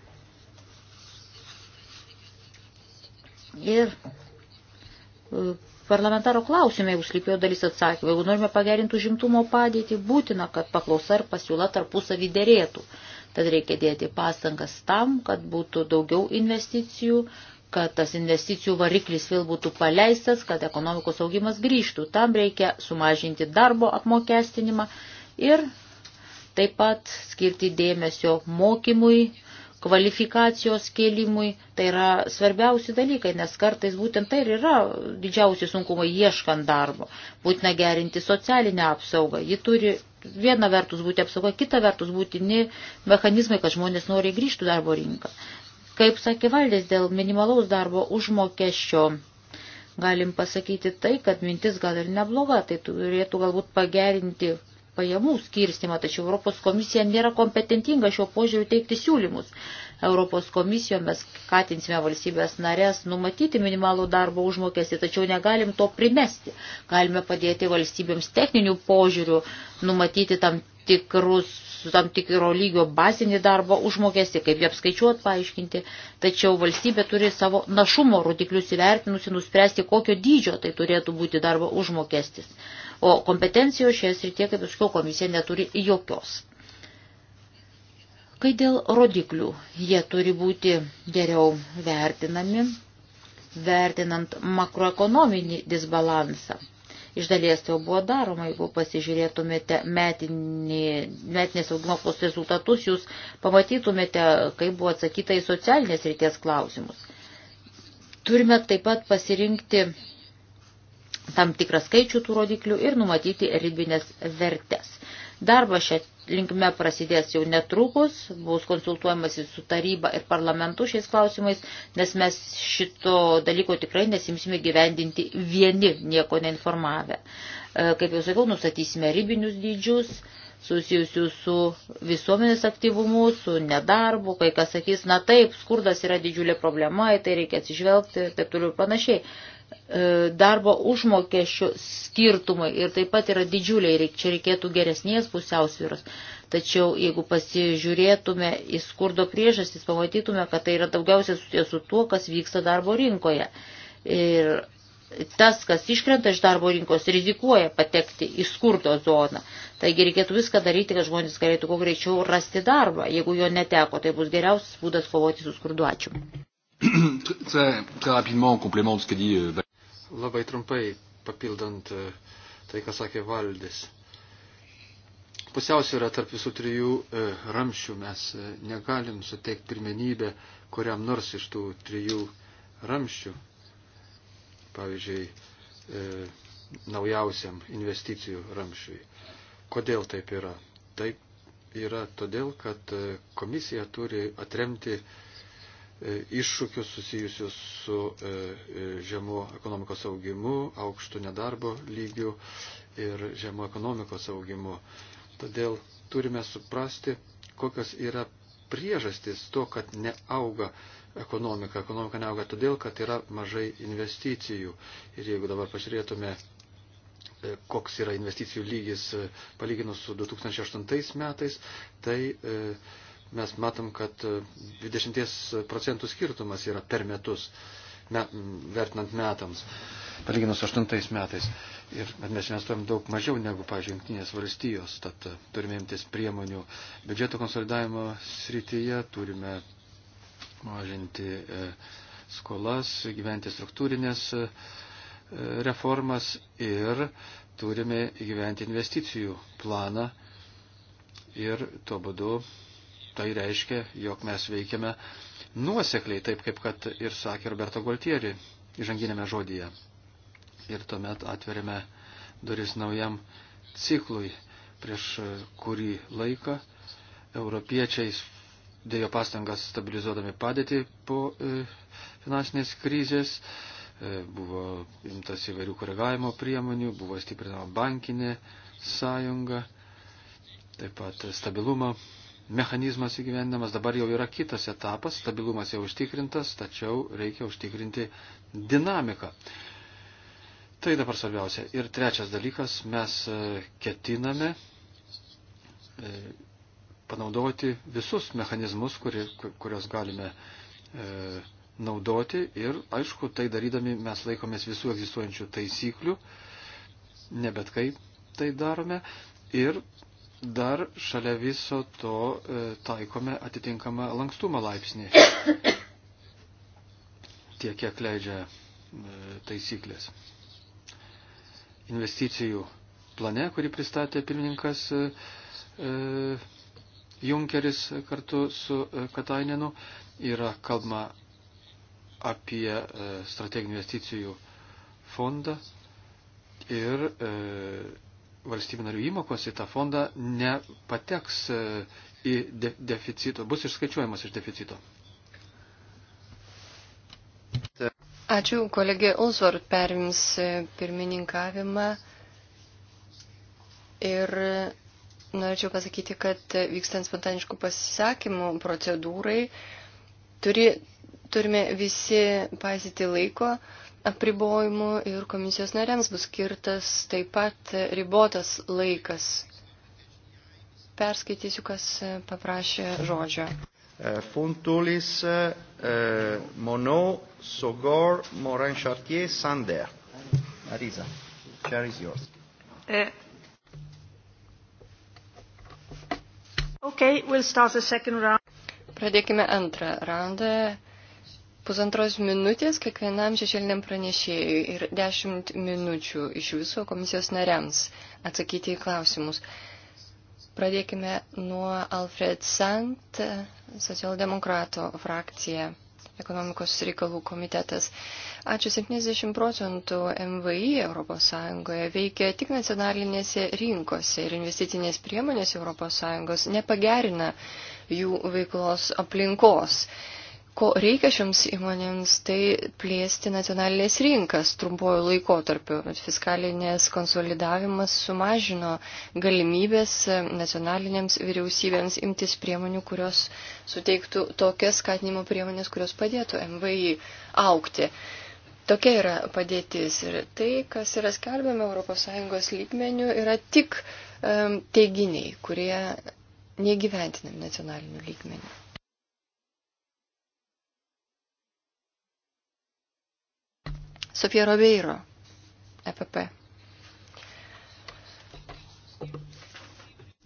Ir e, parlamentaro klausime, jeigu slypėjo dalis atsakymų, jeigu norime pagerinti užimtumo padėtį, būtina, kad paklausa ir pasiūla tarpusavį dėrėtų. Tad reikia dėti pastangas tam, kad būtų daugiau investicijų, kad tas investicijų variklis vėl būtų paleistas, kad ekonomikos augimas grįžtų. Tam reikia sumažinti darbo apmokestinimą ir taip pat skirti dėmesio mokymui, kvalifikacijos kėlimui. Tai yra svarbiausi dalykai, nes kartais būtent tai ir yra didžiausi sunkumai ieškant darbo. Būtina gerinti socialinę apsaugą. Ji turi viena vertus būti apsauga, kita vertus būtini mechanizmai, kad žmonės nori grįžtų darbo rinką. Kaip sakė valdės dėl minimalaus darbo užmokesčio, galim pasakyti tai, kad mintis gal ir nebloga, tai turėtų galbūt pagerinti pajamų skirstimą, tačiau Europos komisija nėra kompetentinga šiuo požiūriu teikti siūlymus. Europos komisijoje mes skatinsime valstybės narės numatyti minimalų darbo užmokestį, tačiau negalim to primesti. Galime padėti valstybėms techninių požiūrių numatyti tam tikrus tam tikro lygio bazinį darbo užmokestį, kaip jį apskaičiuot, paaiškinti, tačiau valstybė turi savo našumo rodiklius įvertinusi, nuspręsti, kokio dydžio tai turėtų būti darbo užmokestis. O kompetencijos šioje srityje, kaip jau sakiau, komisija neturi jokios. Kai dėl rodiklių, jie turi būti geriau vertinami, vertinant makroekonominį disbalansą. Iš dalies tai jau buvo daroma, jeigu pasižiūrėtumėte metinį, metinės augimokos rezultatus, jūs pamatytumėte, kaip buvo atsakyta į socialinės ryties klausimus. Turime taip pat pasirinkti tam tikrą skaičių tų rodiklių ir numatyti ribinės vertes. Darbas šią linkme prasidės jau netrukus, bus konsultuojamasi su taryba ir parlamentu šiais klausimais, nes mes šito dalyko tikrai nesimsime gyvendinti vieni, nieko neinformavę. E, kaip jau sakiau, nustatysime ribinius dydžius susijusių su visuomenės aktyvumu, su nedarbu, kai kas sakys, na taip, skurdas yra didžiulė problema, į tai reikia atsižvelgti ir taip toliau ir panašiai. E, darbo užmokesčių skirtumai ir taip pat yra didžiuliai, čia reikėtų geresnės pusiausvyros. Tačiau jeigu pasižiūrėtume į skurdo priežastis, pamatytume, kad tai yra daugiausia susijęs su tuo, kas vyksta darbo rinkoje. Ir tas, kas iškrenta iš darbo rinkos, rizikuoja patekti į skurdo zoną. Taigi reikėtų viską daryti, kad žmonės galėtų kuo greičiau rasti darbą. Jeigu jo neteko, tai bus geriausias būdas kovoti su skurdu. Ačiū. Euh, Labai trumpai papildant euh, tai, ką sakė valdys. Pusiausvėra tarp visų trijų e, ramščių mes e, negalim suteikti pirmenybę kuriam nors iš tų trijų ramščių. Pavyzdžiui, e, naujausiam investicijų ramščiui. Kodėl taip yra? Taip yra todėl, kad komisija turi atremti E, iššūkius susijusius su e, e, žemu ekonomikos augimu, aukštu nedarbo lygiu ir žemu ekonomikos augimu. Todėl turime suprasti, kokios yra priežastis to, kad neauga ekonomika. Ekonomika neauga todėl, kad yra mažai investicijų. Ir jeigu dabar pažiūrėtume koks yra investicijų lygis palyginus su 2008 metais, tai mes matom, kad 20 e, procentų skirtumas yra per metus, me, vertinant metams, palyginus 8 metais. Ir mes investuojam daug mažiau negu, pažiūrėjau, jungtinės valstijos, tad e, turime imtis priemonių biudžeto konsolidavimo srityje, turime mažinti e, skolas, gyventi struktūrinės reformas ir turime įgyventi investicijų planą ir tuo būdu tai reiškia, jog mes veikiame nuosekliai, taip kaip kad ir sakė Roberto Gualtieri įžanginėme žodyje. Ir tuomet atveriame duris naujam ciklui, prieš kurį laiką europiečiais dėjo pastangas stabilizuodami padėtį po e, finansinės krizės, e, buvo imtas įvairių koregavimo priemonių, buvo stiprinama bankinė sąjunga, taip pat stabilumo mechanizmas įgyvendamas, dabar jau yra kitas etapas, stabilumas jau užtikrintas, tačiau reikia užtikrinti dinamiką. Tai dabar svarbiausia. Ir trečias dalykas, mes e, ketiname e, panaudoti visus mechanizmus, kuri, kurios galime e, naudoti ir, aišku, tai darydami mes laikomės visų egzistuojančių taisyklių, ne bet kaip tai darome ir dar šalia viso to e, taikome atitinkamą lankstumą laipsnį. Tiek, kiek leidžia e, taisyklės. Investicijų plane, kurį pristatė pirmininkas e, Junkeris kartu su Katainenu, yra kalbama apie strateginių investicijų fondą ir valstybių narių įmokos į tą fondą nepateks e, į de deficito, bus išskaičiuojamas iš deficito. Ačiū, kolegė Ulsor perims e, pirmininkavimą. Ir norėčiau pasakyti, kad vykstant spontaniškų pasisakymų procedūrai turi, turime visi paisyti laiko. Uh, apribojimų ir komisijos nariams bus skirtas taip pat ribotas laikas. Perskaitysiu, kas paprašė žodžio. E, Funtulis, e, e, Mono, Sogor, Morin Chartier, Sander. Arisa, chair is yours. Uh, okay, we'll start the second round. Pradėkime antrą raundą pusantros minutės kiekvienam šešėliniam pranešėjui ir dešimt minučių iš viso komisijos nariams atsakyti į klausimus. Pradėkime nuo Alfred Sant, socialdemokrato frakcija, ekonomikos reikalų komitetas. Ačiū 70 procentų MVI ES veikia tik nacionalinėse rinkose ir investicinės priemonės ES nepagerina jų veiklos aplinkos ko reikia šioms įmonėms, tai plėsti nacionalinės rinkas trumpuoju laikotarpiu. Fiskalinės konsolidavimas sumažino galimybės nacionalinėms vyriausybėms imtis priemonių, kurios suteiktų tokias skatinimo priemonės, kurios padėtų MVI aukti. Tokia yra padėtis ir tai, kas yra skelbiama ES lygmenių, yra tik um, teiginiai, kurie negyventinami nacionaliniu lygmeniu. Sofija Robeiro, EPP.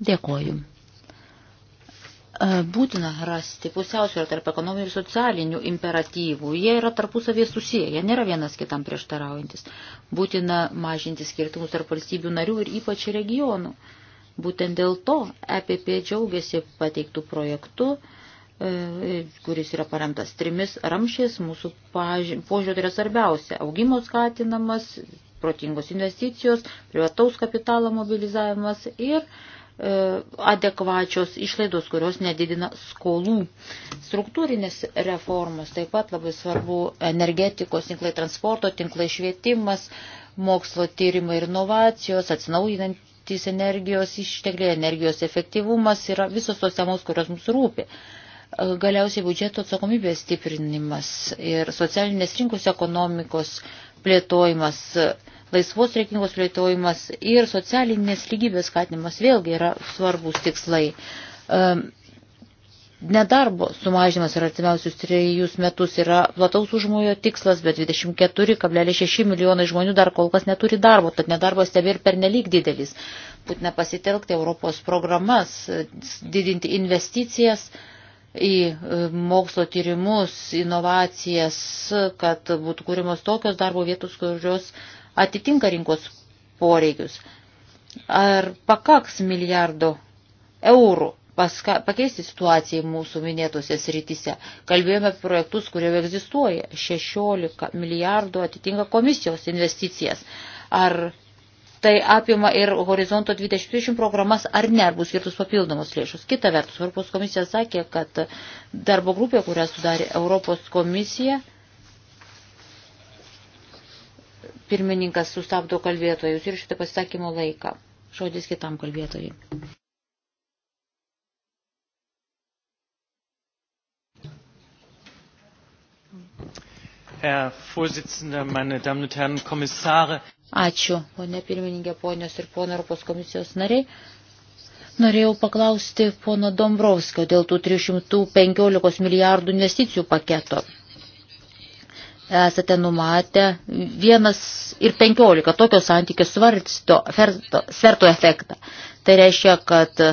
Dėkoju. E, būtina rasti pusiausvyrą tarp ekonominių ir socialinių imperatyvų. Jie yra tarpusavėje susiję, jie nėra vienas kitam prieštaraujantis. Būtina mažinti skirtumus tarp valstybių narių ir ypač regionų. Būtent dėl to EPP džiaugiasi pateiktų projektų E, kuris yra paremtas trimis ramšiais, mūsų požiūrė tai yra svarbiausia – augimo skatinamas, protingos investicijos, privataus kapitalo mobilizavimas ir e, adekvačios išlaidos, kurios nedidina skolų. Struktūrinės reformos taip pat labai svarbu energetikos tinklai, transporto tinklai, švietimas, mokslo tyrimai ir inovacijos, atsinaujinantis energijos ištekliai, energijos efektyvumas yra visos tos temos, kurios mums rūpi galiausiai biudžeto atsakomybės stiprinimas ir socialinės rinkos ekonomikos plėtojimas, laisvos reikingos plėtojimas ir socialinės lygybės skatinimas vėlgi yra svarbus tikslai. Nedarbo sumažinimas ir artimiausius trejus metus yra plataus užmojo tikslas, bet 24,6 milijonai žmonių dar kol kas neturi darbo, tad nedarbas tebėr pernelyg didelis. Būtina pasitelkti Europos programas, didinti investicijas, uh, į e, mokslo tyrimus, inovacijas, kad būtų kūrimos tokios darbo vietos, kurios atitinka rinkos poreikius. Ar pakaks milijardo eurų paska, pakeisti situaciją mūsų minėtose srityse? Kalbėjome apie projektus, kurie egzistuoja. 16 milijardų atitinka komisijos investicijas. Ar tai apima ir horizonto 2020 programas, ar ne, ar bus skirtus papildomos lėšos. Kita vertus, Europos komisija sakė, kad darbo grupė, kurią sudarė Europos komisija, pirmininkas sustabdo kalbėtojus ir šitą pasisakymo laiką. Žodis kitam kalbėtojui. Herr Vorsitzender, meine Damen und Herren Kommissare. Ačiū, ponė pirmininkė, ponios ir pono Europos komisijos nariai. Norėjau paklausti pono Dombrovskio dėl tų 315 milijardų investicijų paketo. Esate numatę 1,15 tokio santykio svarsto, sverto efektą. Tai reiškia, kad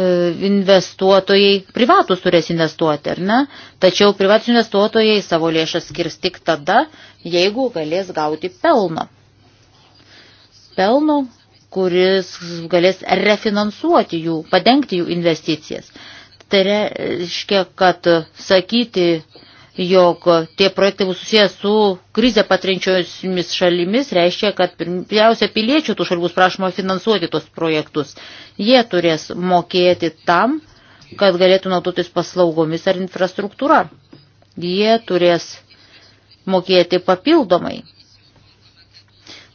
E, investuotojai, privatus turės investuoti, ar ne? Tačiau privatus investuotojai savo lėšas skirs tik tada, jeigu galės gauti pelną. Pelno, kuris galės refinansuoti jų, padengti jų investicijas. Tai reiškia, kad sakyti, jog tie projektai bus susijęs su krizę patrinčiomis šalimis, reiškia, kad pirmiausia piliečių tų šalių bus prašoma finansuoti tos projektus. Jie turės mokėti tam, kad galėtų naudotis paslaugomis ar infrastruktūra. Jie turės mokėti papildomai.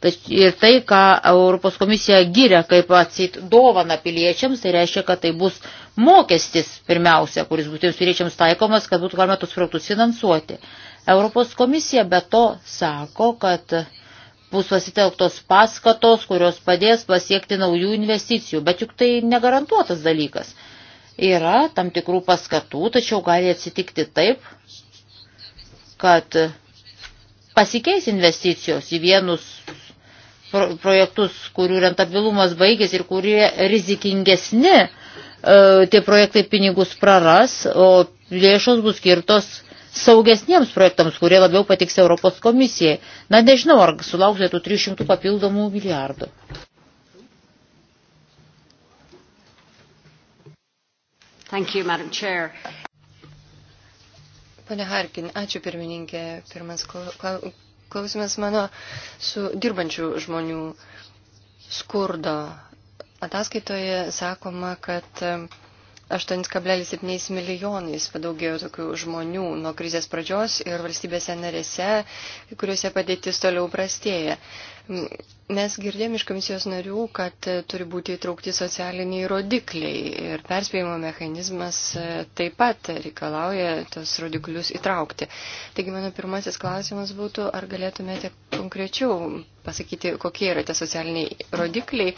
Ir tai, ką Europos komisija giria kaip atsit dovana piliečiams, tai reiškia, kad tai bus mokestis pirmiausia, kuris būtiems piliečiams taikomas, kad būtų galima tos projektus finansuoti. Europos komisija be to sako, kad bus pasitelktos paskatos, kurios padės pasiekti naujų investicijų, bet juk tai negarantuotas dalykas. Yra tam tikrų paskatų, tačiau gali atsitikti taip, kad pasikeis investicijos į vienus projektus, kurių rentabilumas baigės ir kurie rizikingesni, e, tie projektai pinigus praras, o lėšos bus skirtos saugesniems projektams, kurie labiau patiks Europos komisijai. Na, nežinau, ar sulauksite tų 300 papildomų milijardų. Thank you, Madam Chair. Pane Harkin, ačiū pirmininkė. Pirmas klausimės mano su dirbančių žmonių skurdo. Ataskaitoje sakoma, kad 8,7 e, milijonais padaugėjo tokių žmonių nuo krizės pradžios ir valstybėse narėse, kuriuose padėtis toliau prastėja. Mes girdėjom iš komisijos narių, kad e, turi būti įtraukti socialiniai rodikliai ir perspėjimo mechanizmas e, taip pat reikalauja tos rodiklius įtraukti. Taigi mano pirmasis klausimas būtų, ar galėtumėte konkrečiau pasakyti, kokie yra tie socialiniai rodikliai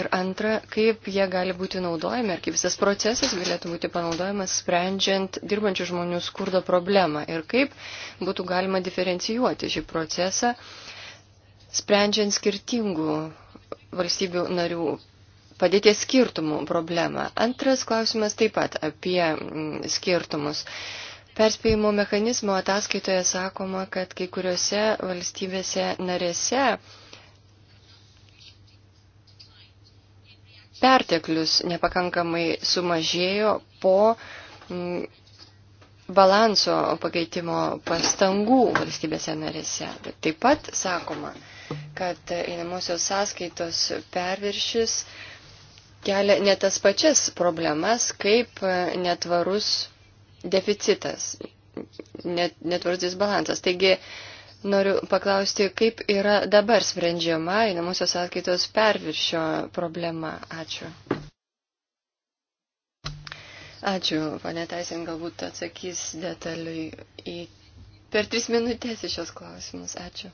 ir antra, kaip jie gali būti naudojami ir kaip visas procesas galėtų būti panaudojamas sprendžiant dirbančių žmonių skurdo problemą ir kaip būtų galima diferencijuoti šį procesą sprendžiant skirtingų valstybių narių padėties skirtumų problemą. Antras klausimas taip pat apie mm, skirtumus. Perspėjimo mechanizmo ataskaitoje sakoma, kad kai kuriuose valstybėse narėse perteklius nepakankamai sumažėjo po mm, balanso pakeitimo pastangų valstybėse narėse. Bet taip pat sakoma, kad einamosios sąskaitos perviršis kelia ne tas pačias problemas kaip netvarus deficitas, net, netvarus disbalansas. Taigi noriu paklausti, kaip yra dabar sprendžiama einamosios sąskaitos perviršio problema. Ačiū. Ačiū, pane Taisin, galbūt atsakys detaliai į per tris minutės į šios klausimus. Ačiū.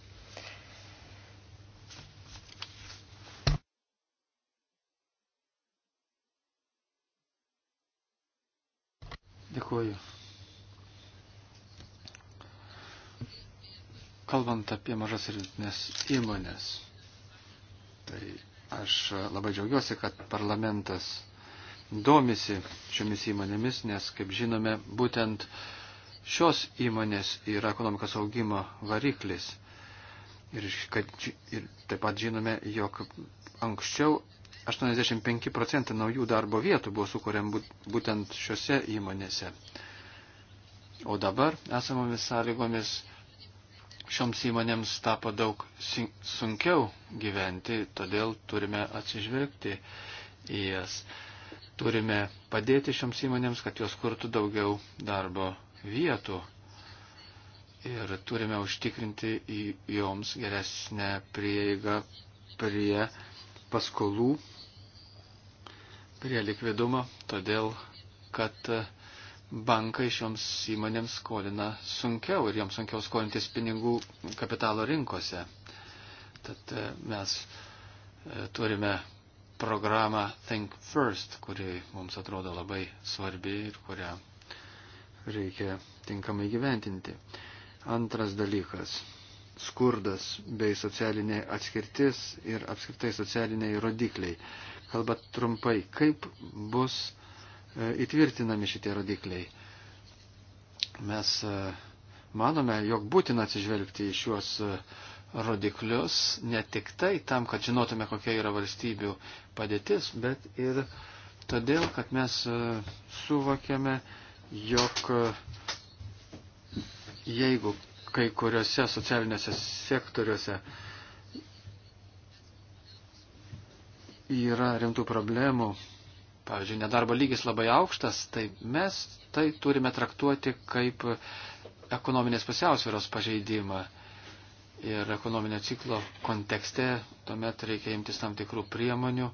Dėkuoju. Kalbant apie mažas ir vidutinės įmonės, tai aš labai džiaugiuosi, kad parlamentas domisi šiomis įmonėmis, nes, kaip žinome, būtent šios įmonės yra ekonomikos augimo variklis. Ir, kad, ir taip pat žinome, jog anksčiau 85 procentai naujų darbo vietų buvo sukuriam būtent šiuose įmonėse. O dabar esamomis sąlygomis šioms įmonėms tapo daug sunkiau gyventi, todėl turime atsižvelgti į jas. Turime padėti šioms įmonėms, kad jos kurtų daugiau darbo vietų ir turime užtikrinti joms geresnę prieigą prie paskolų prie likvidumo, todėl kad bankai šioms įmonėms skolina sunkiau ir joms sunkiau skolintis pinigų kapitalo rinkose. Tad e, mes e, turime programą Think First, kuri mums atrodo labai svarbi ir kurią reikia tinkamai gyventinti. Antras dalykas - skurdas bei socialinė atskirtis ir apskritai socialiniai rodikliai kalba trumpai, kaip bus e, įtvirtinami šitie rodikliai. Mes e, manome, jog būtina atsižvelgti į šiuos e, rodiklius ne tik tai tam, kad žinotume, kokia yra valstybių padėtis, bet ir todėl, kad mes suvokiame, jog jeigu kai kuriuose socialiniuose sektoriuose uh, yra rimtų problemų, pavyzdžiui, nedarbo lygis labai aukštas, tai mes tai turime traktuoti kaip ekonominės pusiausvėros pažeidimą. Ir ekonominio ciklo kontekste tuomet reikia imtis tam tikrų priemonių,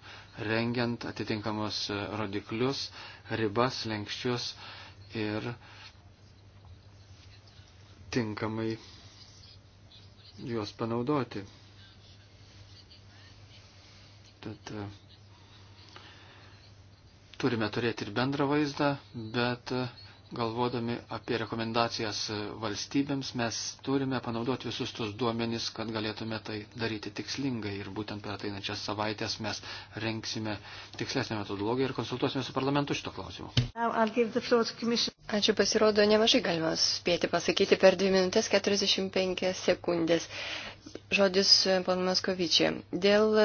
rengiant atitinkamus rodiklius, ribas, lenkščius ir tinkamai juos panaudoti. Tad e, turime turėti ir bendrą vaizdą, bet e, galvodami apie rekomendacijas e, valstybėms, mes turime panaudoti visus tos duomenys, kad galėtume tai daryti tikslingai. Ir būtent per ateinančias savaitės mes renksime tikslesnę metodologiją ir konsultuosime su parlamentu šito klausimu. Ačiū, pasirodo, nemažai galima spėti pasakyti per 2 minutės 45 sekundės. Žodis pan Maskovičiai. Dėl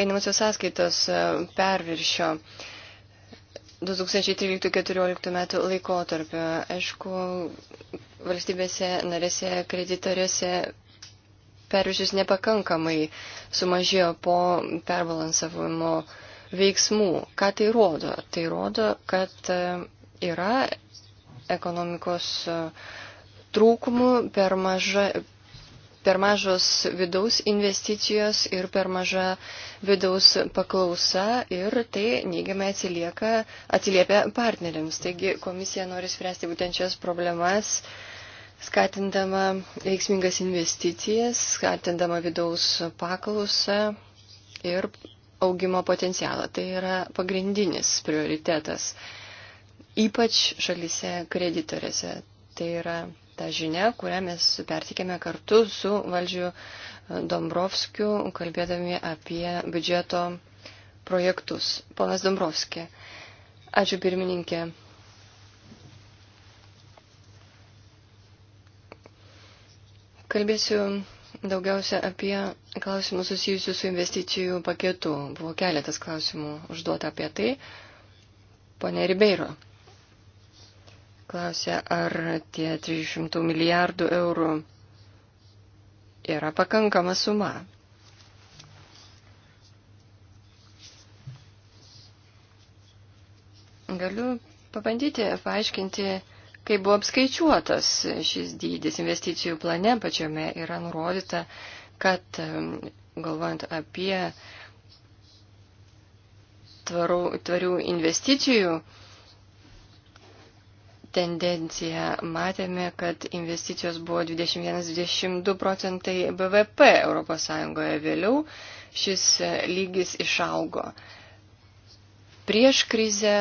Einamosios sąskaitos e, perviršio 2013-2014 metų laikotarpio. Aišku, valstybėse narėse kreditorėse perviršis nepakankamai sumažėjo po perbalansavimo veiksmų. Ką tai rodo? Tai rodo, kad e, yra ekonomikos e, trūkumų per maža, per mažos vidaus investicijos ir per maža vidaus paklausa ir tai neigiamai atsilieka, atsiliepia partneriams. Taigi komisija nori spręsti būtent šias problemas, skatindama veiksmingas investicijas, skatindama vidaus paklausą ir augimo potencialą. Tai yra pagrindinis prioritetas, ypač šalise kreditorėse. Tai yra ta žinia, kurią mes pertikėme kartu su valdžiu e, Dombrovskiu, kalbėdami apie biudžeto projektus. Ponas Dombrovski, ačiū pirmininkė. Kalbėsiu daugiausia apie klausimus susijusius su investicijų paketu. Buvo keletas klausimų užduota apie tai. Pone Ribeiro, klausė, ar tie 300 milijardų eurų yra pakankama suma. Galiu pabandyti paaiškinti, kaip buvo apskaičiuotas šis dydis investicijų plane pačiame yra nurodyta, kad galvojant apie tvarų, tvarių investicijų tendenciją matėme, kad investicijos buvo 21-22 procentai BVP ES. Vėliau šis lygis išaugo. Prieš krizę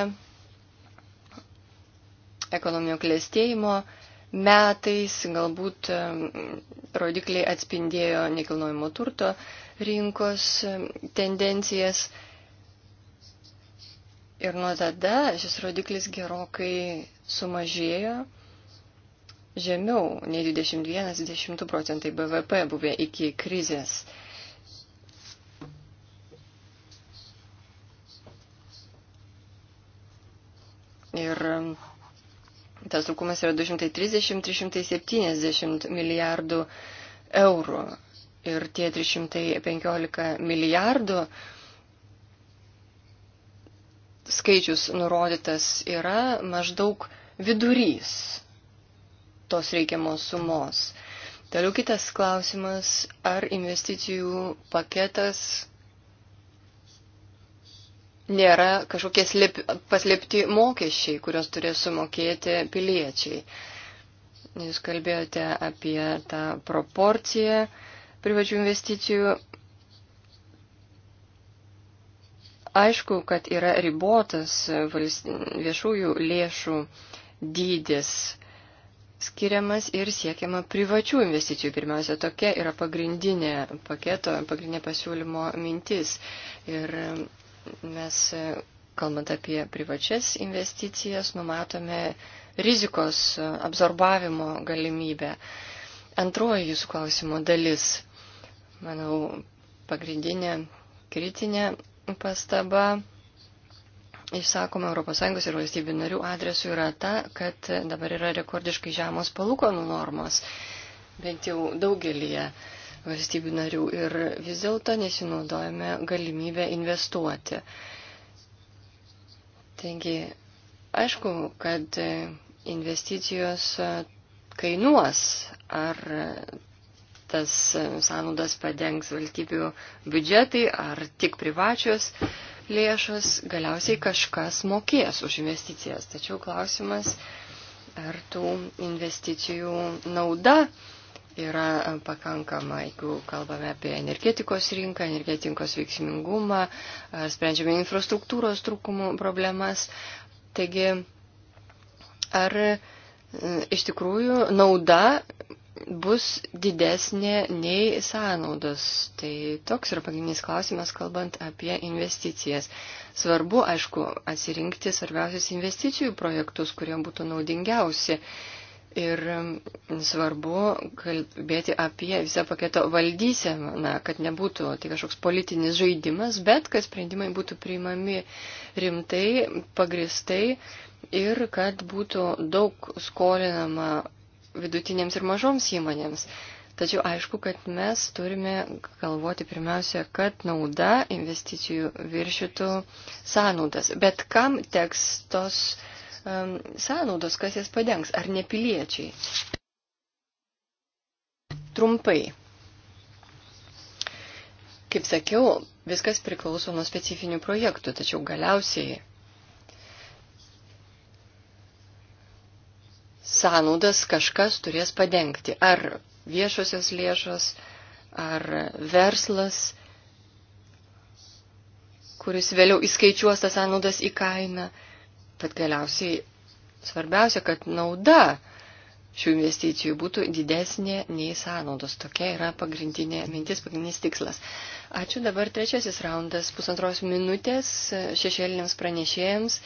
ekonominio klėstėjimo metais galbūt rodikliai atspindėjo nekilnojimo turto rinkos tendencijas Ir nuo tada šis rodiklis gerokai sumažėjo žemiau nei 21-20 procentai BVP buvę iki krizės. Ir tas trūkumas yra 230-370 milijardų eurų. Ir tie 315 milijardų eurų skaičius nurodytas yra maždaug vidurys tos reikiamos sumos. Toliau kitas klausimas, ar investicijų paketas nėra kažkokie slėp, paslėpti mokesčiai, kurios turės sumokėti piliečiai. Jūs kalbėjote apie tą proporciją privačių investicijų Aišku, kad yra ribotas viešųjų lėšų dydis skiriamas ir siekiama privačių investicijų. Pirmiausia, tokia yra pagrindinė paketo, pagrindinė pasiūlymo mintis. Ir mes, kalbant apie privačias investicijas, numatome rizikos absorbavimo galimybę. Antroji jūsų klausimo dalis, manau, pagrindinė kritinė pastaba išsakoma ES ir valstybių narių adresų yra ta, kad dabar yra rekordiškai žemos palūkanų normos, bent jau daugelie valstybių narių ir vis dėlto nesinaudojame galimybę investuoti. Taigi, aišku, kad investicijos kainuos, ar tas e, sąnaudas padengs valstybių biudžetai ar tik privačios lėšos, galiausiai kažkas mokės už investicijas. Tačiau klausimas, ar tų investicijų nauda yra e, pakankama, jeigu kalbame apie energetikos rinką, energetikos veiksmingumą, sprendžiame infrastruktūros trūkumų problemas. Taigi, ar e, iš tikrųjų nauda bus didesnė nei sąnaudos. Tai toks yra pagrindinis klausimas, kalbant apie investicijas. Svarbu, aišku, atsirinkti svarbiausius investicijų projektus, kurie būtų naudingiausi. Ir mm, svarbu kalbėti apie visą paketo valdyseną, kad nebūtų tai kažkoks politinis žaidimas, bet kad sprendimai būtų priimami rimtai, pagristai ir kad būtų daug skolinama vidutinėms ir mažoms įmonėms. Tačiau aišku, kad mes turime galvoti pirmiausia, kad nauda investicijų viršytų sąnaudas. Bet kam teks tos um, sąnaudos, kas jas padengs, ar ne piliečiai? Trumpai. Kaip sakiau, viskas priklauso nuo specifinių projektų, tačiau galiausiai sąnaudas kažkas turės padengti. Ar viešosios lėšos, ar verslas, kuris vėliau įskaičiuos tas sąnaudas į kainą. Bet galiausiai svarbiausia, kad nauda šių investicijų būtų didesnė nei sąnaudos. Tokia yra pagrindinė mintis, pagrindinis tikslas. Ačiū dabar trečiasis raundas, pusantros minutės šešėliniams pranešėjams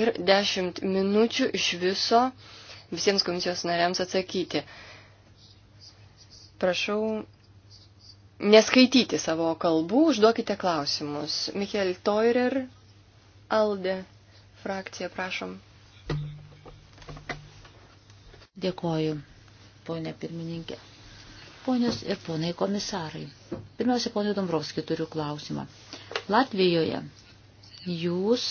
ir dešimt minučių iš viso uh, visiems komisijos nariams atsakyti. Prašau neskaityti savo kalbų, užduokite klausimus. Michael Teurer, Alde, frakcija, prašom. Dėkoju, ponė pirmininkė. Ponios ir ponai komisarai. Pirmiausia, ponė Dombrovski, turiu klausimą. Latvijoje jūs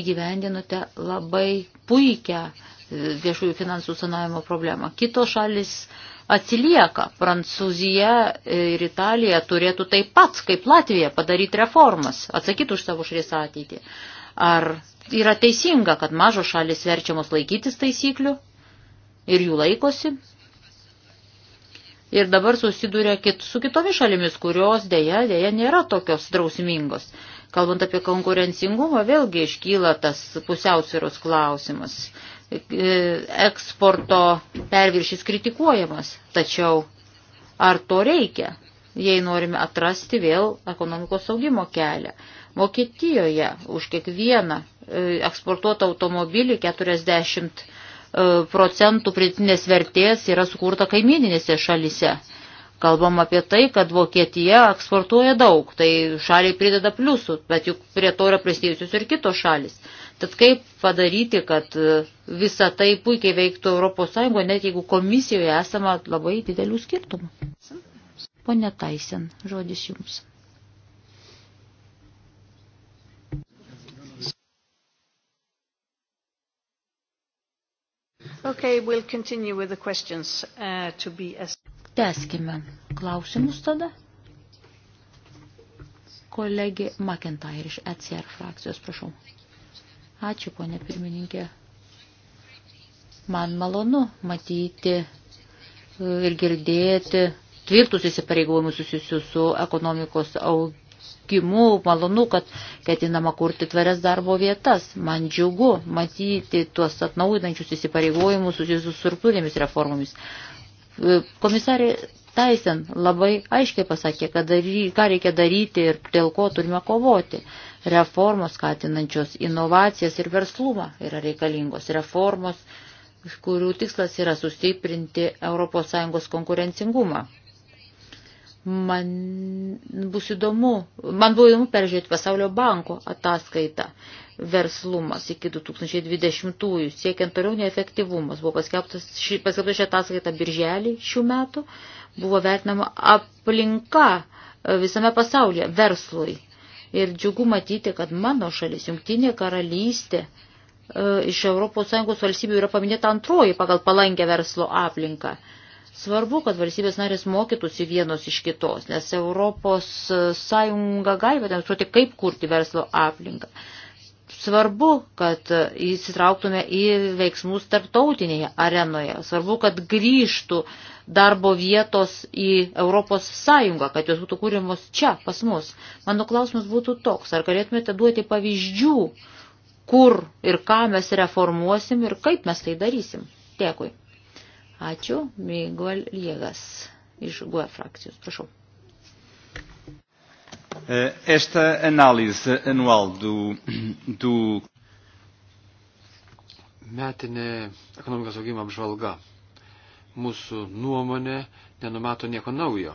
įgyvendinote labai puikią viešųjų finansų sanavimo problemą. Kitos šalis atsilieka. Prancūzija ir Italija turėtų taip pat, kaip Latvija, padaryti reformas, atsakyti už savo šalies ateitį. Ar yra teisinga, kad mažos šalis verčiamos laikytis taisyklių ir jų laikosi? Ir dabar susiduria kit, su kitomis šalimis, kurios dėja, dėja nėra tokios drausmingos. Kalbant apie konkurencingumą, vėlgi iškyla tas pusiausvėros klausimas eksporto perviršys kritikuojamas. Tačiau ar to reikia, jei norime atrasti vėl ekonomikos augimo kelią? Vokietijoje už kiekvieną e, eksportuotą automobilį 40 e, procentų pridėtinės vertės yra sukurta kaimininėse šalise. Kalbam apie tai, kad Vokietija eksportuoja daug, tai šaliai prideda pliusų, bet juk prie to yra prisidėjusios ir kitos šalis. Tad kaip padaryti, kad e, visa tai puikiai veiktų ES, net jeigu komisijoje esama labai didelių skirtumų? Pone Taisen, žodis jums. Okay, we'll continue with the questions uh, to be as... Teskime klausimus tada. Kolegė McIntyre iš ECR frakcijos, prašau. Ačiū, ponė pirmininkė. Man malonu matyti e, ir girdėti tvirtus įsipareigojimus susijusius su ekonomikos augimu. Malonu, kad ketinama kurti tvarias darbo vietas. Man džiugu matyti tuos atnaujinančius įsipareigojimus susijusius su struktūrėmis reformomis. E, komisarė Taisen labai aiškiai pasakė, ką reikia daryti ir dėl ko turime kovoti. Reformos skatinančios inovacijas ir verslumą yra reikalingos. Reformos, kurių tikslas yra sustiprinti ES konkurencingumą. Man bus įdomu, man buvo įdomu peržiūrėti pasaulio banko ataskaitą verslumas iki 2020-ųjų, siekiant toliau neefektyvumas. Buvo paskelbta ši ataskaita birželį šių metų, buvo vertinama aplinka visame pasaulyje verslui. Ir džiugu matyti, kad mano šalis, Jungtinė karalystė, e, iš ES valstybių yra paminėta antroji pagal palankę verslo aplinką. Svarbu, kad valstybės narės mokytųsi vienos iš kitos, nes Europos Sąjunga gali pademonstruoti, kaip kurti verslo aplinką. Svarbu, kad įsitrauktume į veiksmus tarptautinėje arenoje. Svarbu, kad grįžtų darbo vietos į Europos Sąjungą, kad jos būtų kūrimos čia, pas mus. Mano klausimas būtų toks, ar galėtumėte duoti pavyzdžių, kur ir ką mes reformuosim ir kaip mes tai darysim. Dėkui. Ačiū, Miguel Liegas iš GUE frakcijos. Prašau. Eh, esta análise anual do, do. Metinė ekonomikos augimo apžvalga mūsų nuomonė nenumato nieko naujo.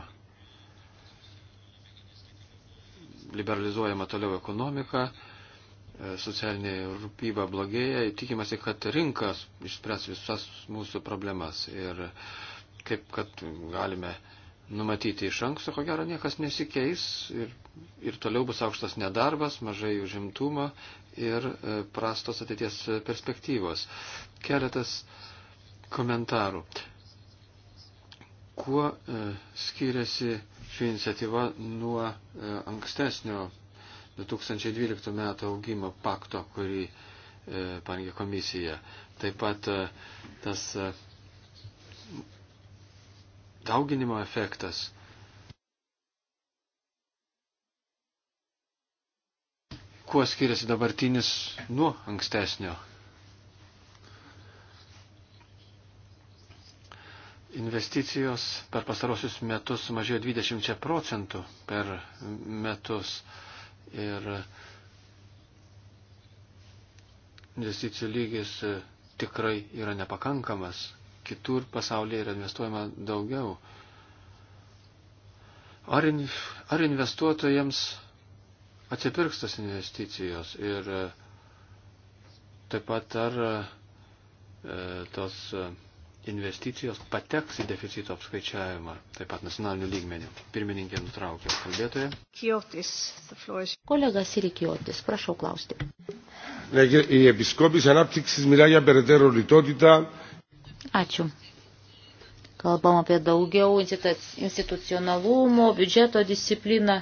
Liberalizuojama toliau ekonomika, e, socialinė rūpyba blogėja, tikimasi, kad rinkas išspręs visas mūsų problemas ir kaip kad galime uh, numatyti iš anksto, ko gero niekas nesikeis ir, ir toliau bus aukštas nedarbas, mažai užimtumo ir e, prastos ateities perspektyvos. Keletas komentarų. Kuo e, skiriasi ši iniciatyva nuo e, ankstesnio 2012 metų augimo pakto, kurį parengė komisija. Taip pat tas dauginimo efektas. Kuo skiriasi dabartinis nuo ankstesnio? Investicijos per pastarosius metus sumažėjo 20 procentų per metus ir investicijų lygis tikrai yra nepakankamas kitur pasaulyje yra investuojama daugiau. Ar, in, ar investuotojams atsipirks tas investicijos ir e, taip pat ar e, tos e, investicijos pateks į deficito apskaičiavimą, taip pat nacionalinių lygmenių. Pirmininkė nutraukė kalbėtoją. Kiotis, is... Kolega Sirikiotis, prašau klausti. Η επισκόπηση ανάπτυξη μιλά για περαιτέρω λιτότητα, Ačiū. Kalbam apie daugiau institucionalumo, biudžeto discipliną,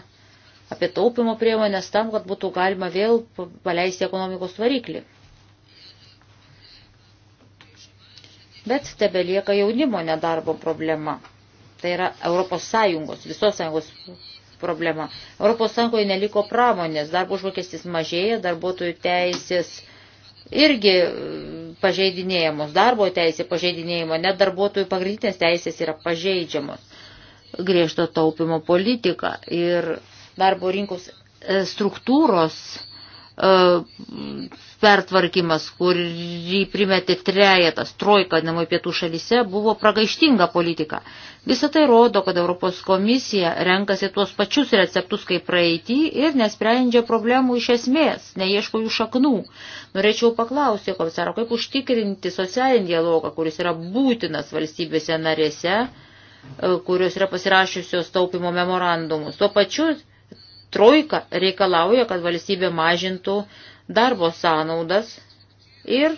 apie taupimo priemonės tam, kad būtų galima vėl paleisti ekonomikos variklį. Bet tebe lieka jaunimo nedarbo problema. Tai yra Europos Sąjungos, visos Sąjungos problema. Europos Sąjungoje neliko pramonės, darbo užmokestis mažėja, darbuotojų teisės irgi pažeidinėjamos. Darbo teisė pažeidinėjimo, net darbuotojų pagrindinės teisės yra pažeidžiamos. Griežto taupimo politika ir darbo rinkos e, struktūros e, pertvarkymas, kurį primetė trejetas, trojka, namai pietų šalyse, buvo pragaištinga politika. Visą tai rodo, kad Europos komisija renkasi tuos pačius receptus kaip praeitį ir nesprendžia problemų iš esmės, neieško jų šaknų. Norėčiau paklausti, komisaro, kaip užtikrinti socialinį dialogą, kuris yra būtinas valstybėse narėse, kurios yra pasirašiusios taupimo memorandumus. Tuo pačiu trojka reikalauja, kad valstybė mažintų uh, darbo sąnaudas ir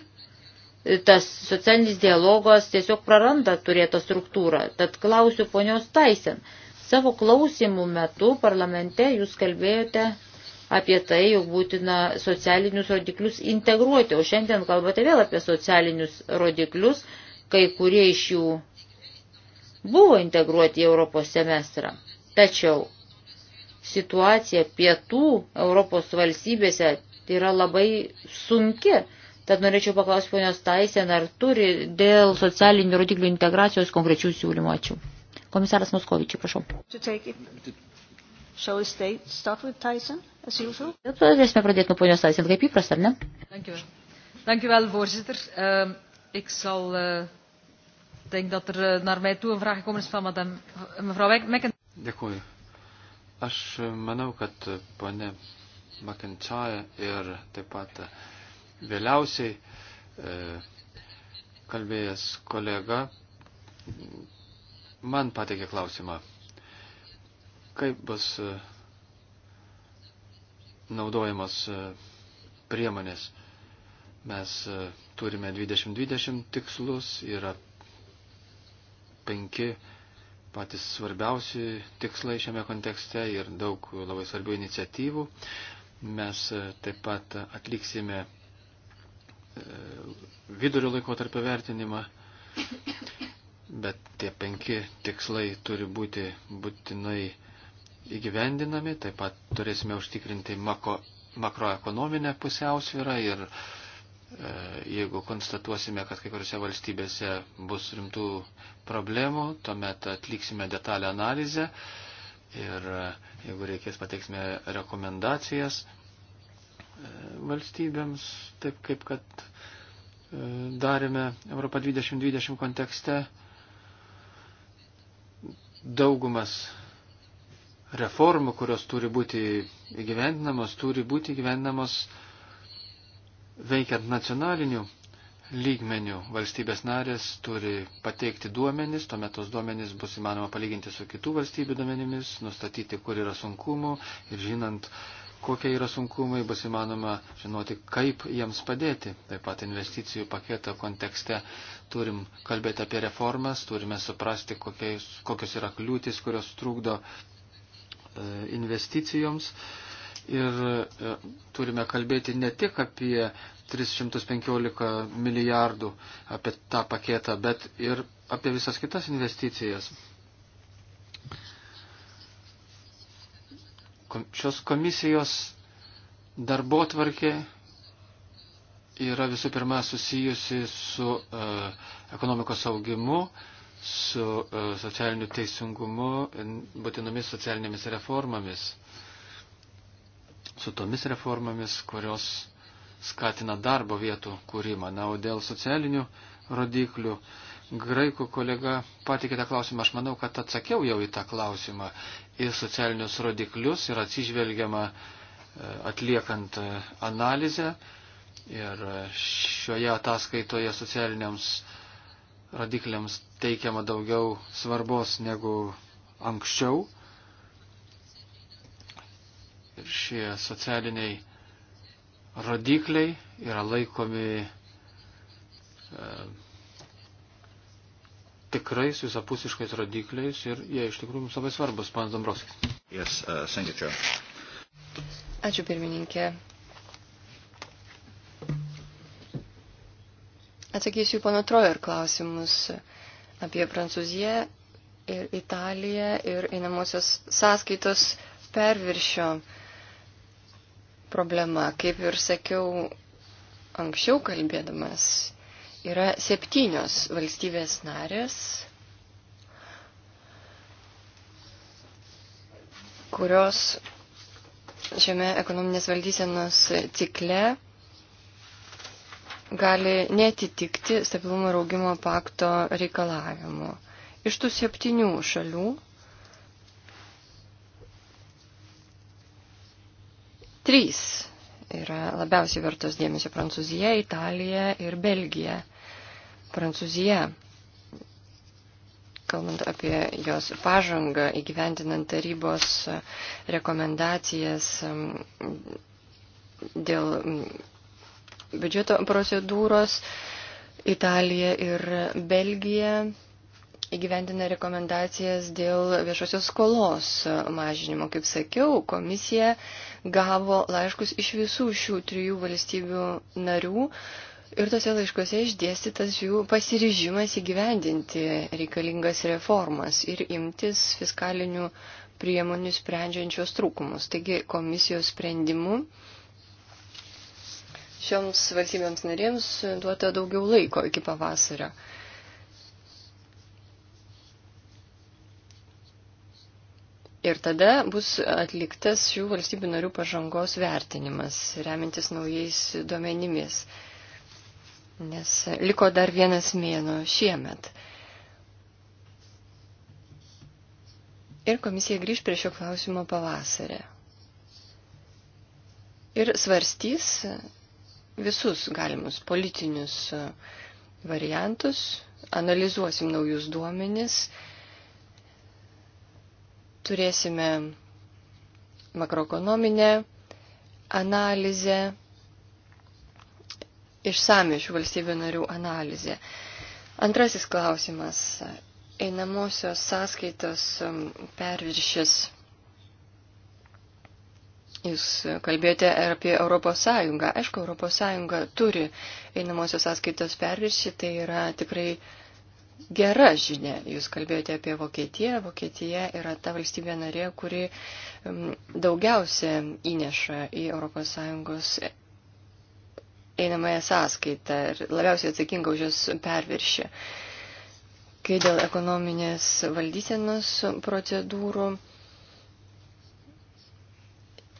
tas socialinis dialogas tiesiog praranda turėtą struktūrą. Tad klausiu ponios Taisen, savo klausimų metu parlamente jūs kalbėjote apie tai, jog būtina socialinius rodiklius integruoti, o šiandien kalbate vėl apie socialinius rodiklius, kai kurie iš jų buvo integruoti į Europos semestrą. Tačiau situacija pietų Europos valstybėse tai yra labai sunki. Tad norėčiau paklausti ponios Taisen, ar turi dėl socialinių rodiklių integracijos konkrečių siūlymų. Ačiū. Komisaras Moskovičiai, prašau. Turėsime pradėti nuo ponios Taisen, kaip įprasta, ar ne? Thank you. Thank you well, Ik zal, uh, denk dat er uh, naar mij toe een vraag gekomen is van madame, eh, mevrouw Mekken. Dėkuoju. Aš manau, kad pone McIntyre ir taip pat vėliausiai e, kalbėjęs kolega man pateikė klausimą, kaip bus e, naudojamos e, priemonės. Mes e, turime 2020 tikslus, yra penki patys svarbiausi tikslai šiame kontekste ir daug labai svarbių iniciatyvų. Mes e, taip pat atliksime e, vidurio laiko tarp vertinimą, bet tie penki tikslai turi būti būtinai įgyvendinami, taip pat turėsime užtikrinti mako, makroekonominę pusiausvyrą ir e, jeigu konstatuosime, kad kai kuriuose valstybėse bus rimtų problemų, tuomet atliksime detalę analizę. E, Ir e, jeigu reikės, pateiksime rekomendacijas e, valstybėms, taip kaip kad e, darėme Europą 2020 kontekste. Daugumas reformų, kurios turi būti įgyvendinamos, turi būti įgyvendinamos veikiant nacionaliniu lygmenių valstybės narės turi pateikti duomenis, tuomet tos duomenis bus įmanoma palyginti su kitų valstybių duomenimis, nustatyti, kur yra sunkumų ir žinant, kokie yra sunkumai, bus įmanoma žinoti, kaip jiems padėti. Taip pat investicijų paketo kontekste turim kalbėti apie reformas, turime suprasti, kokiais, kokios yra kliūtis, kurios trukdo e, investicijoms. Ir e, turime kalbėti ne tik apie 315 milijardų apie tą paketą, bet ir apie visas kitas investicijas. Šios komisijos darbo tvarkė yra visų pirma susijusi su uh, ekonomikos augimu, su uh, socialiniu teisingumu, būtinomis socialinėmis reformomis, su tomis reformomis, kurios skatina darbo vietų kūrimą. Na, o dėl socialinių rodiklių, graikų kolega patikė tą klausimą, aš manau, kad atsakiau jau į tą klausimą. Į socialinius rodiklius yra atsižvelgiama e, atliekant e, analizę ir e, šioje ataskaitoje socialiniams rodikliams teikiama daugiau svarbos negu anksčiau. Ir šie socialiniai rodikliai yra laikomi e, tikrais visapusiškais rodikliais ir jie iš tikrųjų mums labai svarbus, panas Dombrovskis. Yes, uh, Ačiū pirmininkė. Atsakysiu pana Trojer klausimus apie Prancūziją ir Italiją ir einamosios sąskaitos perviršio uh, problema, kaip ir sakiau anksčiau kalbėdamas, yra septynios valstybės narės, kurios šiame ekonominės valdysenos cikle gali netitikti stabilumo ir augimo pakto reikalavimu. Iš tų septynių šalių Trys yra labiausiai vertos dėmesio Prancūzija, Italija ir Belgija. Prancūzija, kalbant apie jos pažangą įgyventinant tarybos rekomendacijas mm, dėl mm, biudžeto procedūros, Italija ir Belgija įgyvendina rekomendacijas dėl viešosios skolos mažinimo. Kaip sakiau, komisija gavo laiškus iš visų šių trijų valstybių narių ir tose laiškose išdėstytas jų pasiryžimas įgyvendinti reikalingas reformas ir imtis fiskalinių priemonių sprendžiančios trūkumus. Taigi komisijos sprendimu šioms valstybėms narėms duota daugiau laiko iki pavasario. Ir tada bus atliktas šių valstybių narių pažangos vertinimas, remintis naujais duomenimis. Nes liko dar vienas mėno šiemet. Ir komisija grįž prie šio klausimo pavasarį. Ir svarstys visus galimus politinius variantus, analizuosim naujus duomenis turėsime makroekonominę analizę, išsami iš valstybių narių analizę. Antrasis klausimas. Einamosios sąskaitos um, perviršis. Jūs kalbėjote ir apie Europos Sąjungą. Aišku, Europos Sąjunga turi einamosios sąskaitos perviršį, tai yra tikrai uh, gera žinia. Jūs kalbėjote apie Vokietiją. Vokietija yra ta valstybė narė, kuri mm, daugiausia įneša į ES einamąją sąskaitą ir labiausiai atsakinga už jos perviršį. Kai dėl ekonominės valdysenos procedūrų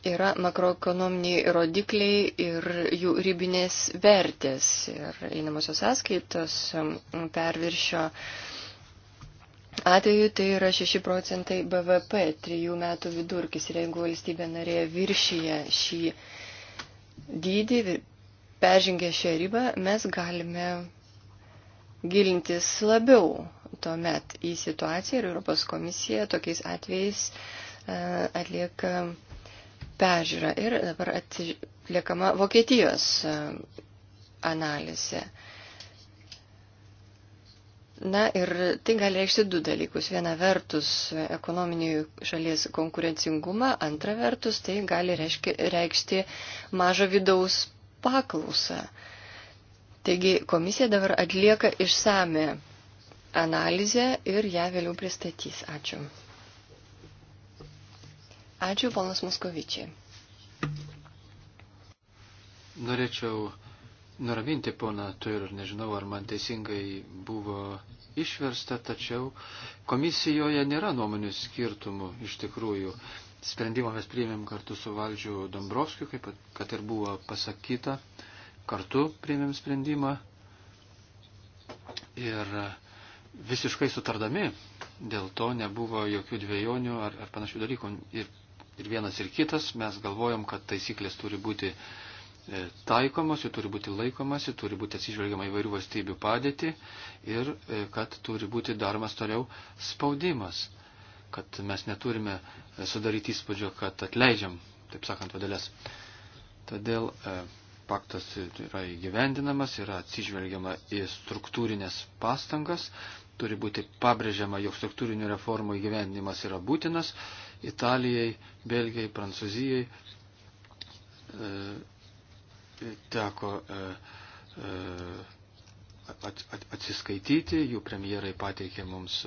yra makroekonominiai rodikliai ir jų ribinės vertės ir einamosios sąskaitos perviršio. Atveju tai yra 6 procentai BVP, 3 metų vidurkis ir jeigu valstybė narė viršyje šį dydį, peržengė šią ribą, mes galime gilintis labiau tuomet į situaciją ir Europos komisija tokiais atvejais e, atlieka pežiūra ir dabar atliekama Vokietijos e, analizė. Na ir tai gali reikšti du dalykus. Viena vertus ekonominį šalies konkurencingumą, antra vertus tai gali reiškia, reikšti mažą vidaus paklausą. Taigi komisija dabar atlieka išsame analizę ir ją vėliau pristatys. Ačiū. Ačiū, ponas Moskovičiai. Norėčiau nuraminti poną Tuir, nežinau, ar man teisingai buvo išversta, tačiau komisijoje nėra nuomonių skirtumų iš tikrųjų. Sprendimą mes priėmėm kartu su valdžiu Dombrovskiu, kaip kad ir buvo pasakyta, kartu priėmėm sprendimą ir visiškai sutardami dėl to nebuvo jokių dviejonių ar, ar panašių dalykų. Ir ir vienas ir kitas, mes galvojom, kad taisyklės turi būti e, taikomos, jų turi būti laikomasi, turi būti atsižvelgiama įvairių valstybių padėtį ir e, kad turi būti daromas toliau spaudimas, kad mes neturime e, sudaryti įspūdžio, kad atleidžiam, taip sakant, vadėlės. Todėl paktas yra įgyvendinamas, yra atsižvelgiama į struktūrinės pastangas, turi būti pabrėžiama, jog struktūrinių reformų įgyvendinimas yra būtinas Italijai, Belgijai, Prancūzijai e, teko e, e, atsiskaityti, jų premjerai pateikė mums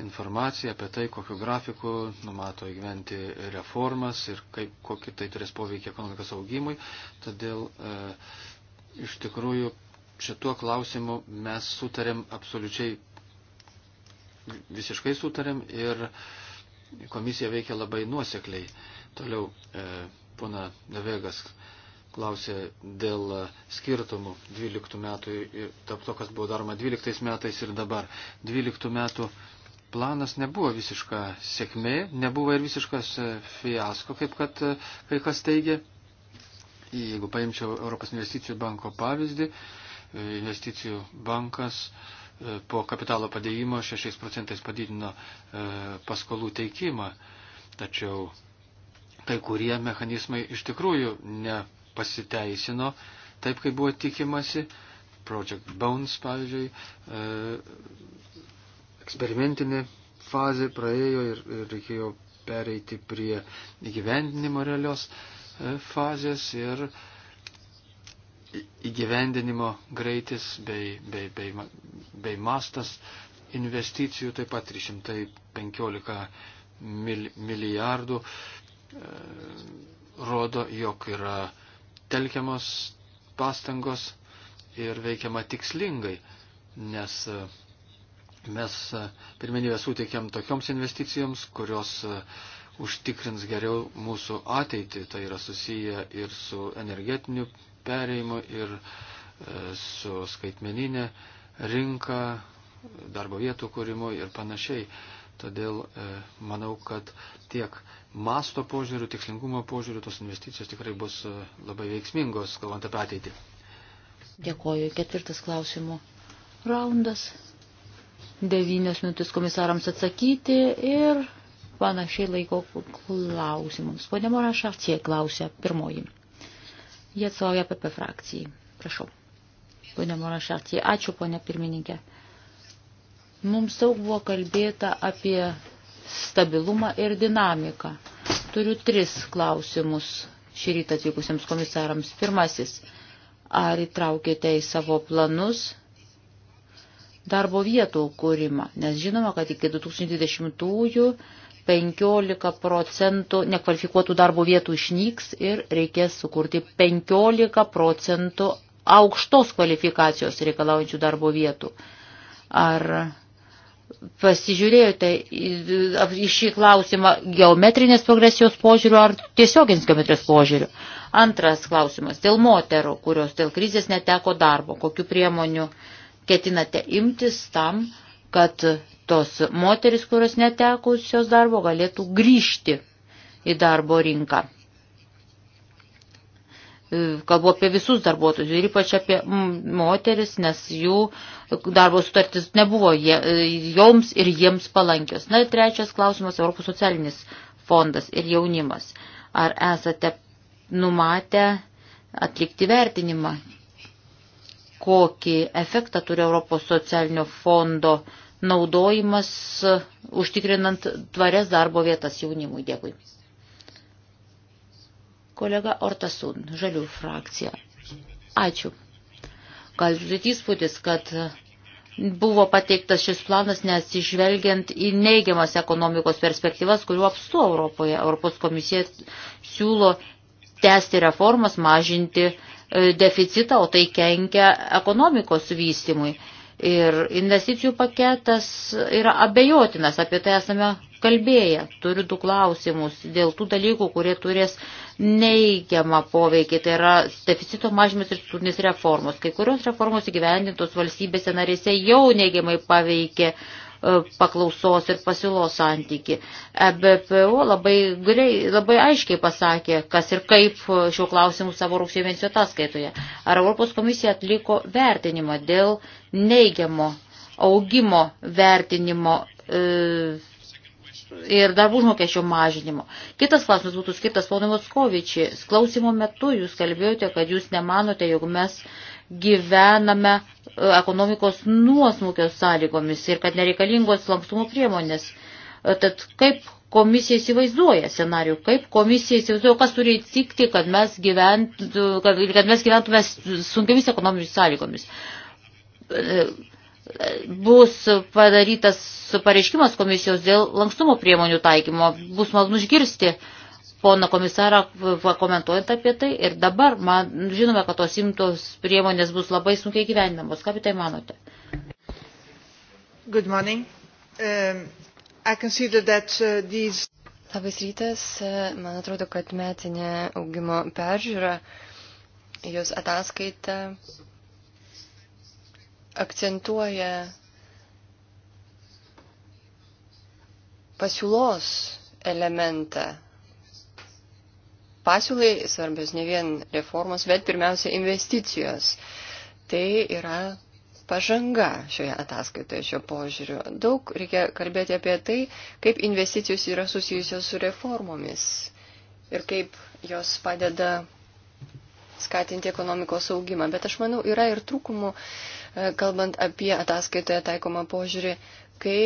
informaciją apie tai, kokiu grafiku numato įgyventi reformas ir kaip, kokį tai turės poveikį ekonomikos augimui. Todėl iš tikrųjų šituo klausimu mes sutarėm absoliučiai, visiškai sutarėm ir uh, Komisija veikia labai nuosekliai. Toliau e, pana Nevegas klausė dėl skirtumų 12 metų, tarp to, kas buvo daroma 12 metais ir dabar. 12 metų planas nebuvo visiška sėkmė, nebuvo ir visiškas e, fiasko, kaip kad e, kai kas teigia. Jeigu paimčiau Europos investicijų banko pavyzdį, e, investicijų bankas e, po kapitalo padėjimo 6 procentais padidino e, paskolų teikimą. Tačiau kai kurie mechanizmai iš tikrųjų nepasiteisino taip, kaip buvo tikimasi. Project Bones, pavyzdžiui, e, eksperimentinė fazė praėjo ir reikėjo pereiti prie įgyvendinimo realios e, fazės ir įgyvendinimo greitis bei, bei, bei bei mastas investicijų, taip pat 315 mil, milijardų, e, rodo, jog yra telkiamos pastangos ir veikiama tikslingai, nes e, mes e, pirmenybę suteikiam tokioms investicijoms, kurios e, užtikrins geriau mūsų ateitį. Tai yra susiję ir su energetiniu perėjimu, ir su skaitmeninė e, rinką, darbo vietų kūrimu ir panašiai. Todėl e, manau, kad tiek masto požiūrių, tikslingumo požiūrių tos investicijos tikrai bus e, labai veiksmingos, kalbant apie ateitį. Dėkoju. Ketvirtas klausimų raundas. Devynios minutės komisarams atsakyti ir panašiai laiko klausimams. Pone Morašartie klausia pirmoji. Jie atstovauja PP frakcijai. Prašau. Pone Morašartį, ačiū, ponė pirmininkė. Mums daug buvo kalbėta apie stabilumą ir dinamiką. Turiu tris klausimus šį rytą atvykusiems komisarams. Pirmasis, ar įtraukėte į savo planus darbo vietų kūrimą? Nes žinoma, kad iki 2020-ųjų 15 procentų nekvalifikuotų darbo vietų išnyks ir reikės sukurti 15 procentų aukštos kvalifikacijos reikalaujančių darbo vietų. Ar pasižiūrėjote į šį klausimą geometrinės progresijos požiūrių ar tiesioginis geometrijos požiūrių? Antras klausimas dėl moterų, kurios dėl krizės neteko darbo. Kokiu priemoniu ketinate imtis tam, kad tos moteris, kurios netekusios darbo, galėtų grįžti į darbo rinką? kalbu apie visus darbuotojus ir ypač apie moteris, nes jų darbo sutartis nebuvo jie, joms ir jiems palankios. Na ir trečias klausimas - Europos socialinis fondas ir jaunimas. Ar esate numatę atlikti vertinimą, kokį efektą turi Europos socialinio fondo naudojimas, užtikrinant tvarias darbo vietas jaunimui? Dėkui. Kolega Ortasun, žalių frakcija. Ačiū. Gal jūs įspūdis, kad buvo pateiktas šis planas, nes išvelgiant į neigiamas ekonomikos perspektyvas, kuriuo apstu Europoje, Europos komisija siūlo tęsti reformas, mažinti e, deficitą, o tai kenkia ekonomikos vystimui. Ir investicijų paketas yra abejotinas, apie tai esame kalbėję. Turiu du klausimus dėl tų dalykų, kurie turės neigiamą poveikį. Tai yra deficito mažymas ir struktūrinės reformos. Kai kurios reformos įgyvendintos valstybėse narėse jau neigiamai paveikė e, paklausos ir pasiūlos santyki. EBPO labai, grei, labai aiškiai pasakė, kas ir kaip šiuo klausimu savo rugsėjo mėnesio ataskaitoje. Ar Europos komisija atliko vertinimą dėl neigiamo augimo vertinimo e, ir darbų užmokesčio mažinimo. Kitas klausimas būtų skirtas ponui Voskovičiai. Klausimo metu jūs kalbėjote, kad jūs nemanote, jog mes gyvename e, ekonomikos nuosmukio sąlygomis ir kad nereikalingos lankstumo priemonės. E, tad kaip komisija įsivaizduoja scenarių, kaip komisija įsivaizduoja, kas turi įtikti, kad mes, gyvent, kad, kad mes gyventume sunkiamis ekonominėmis sąlygomis. E, bus padarytas pareiškimas komisijos dėl lankstumo priemonių taikymo. Bus malonu išgirsti pono komisarą komentuojant apie tai. Ir dabar man, žinome, kad tos imtos priemonės bus labai sunkiai gyvenimos. Ką apie tai manote? Good morning. Um, I consider that uh, these... Labas rytas. Man atrodo, kad metinė augimo peržiūra, jos ataskaita akcentuoja pasiūlos elementą. Pasiūlai svarbios ne vien reformos, bet pirmiausia investicijos. Tai yra pažanga šioje ataskaitoje, šio požiūriu. Daug reikia kalbėti apie tai, kaip investicijos yra susijusios su reformomis ir kaip jos padeda skatinti ekonomikos augimą. Bet aš manau, yra ir trūkumų E, kalbant apie ataskaitoje taikomą požiūrį, kai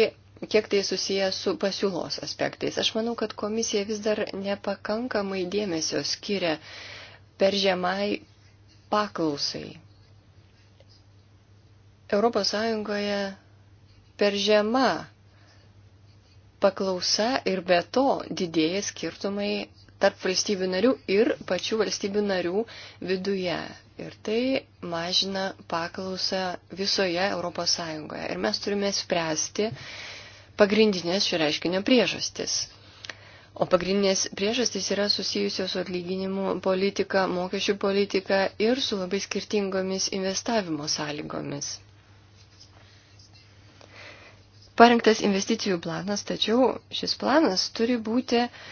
kiek tai susiję su pasiūlos aspektais. Aš manau, kad komisija vis dar nepakankamai dėmesio skiria per žemai paklausai. Europos Sąjungoje per žema paklausa ir be to didėja skirtumai tarp valstybių narių ir pačių valstybių narių viduje. Ir tai mažina paklausą visoje ES. Ir mes turime spręsti pagrindinės šio reiškinio priežastis. O pagrindinės priežastys yra susijusios su atlyginimu politika, mokesčių politika ir su labai skirtingomis investavimo sąlygomis. Parengtas investicijų planas, tačiau šis planas turi būti uh,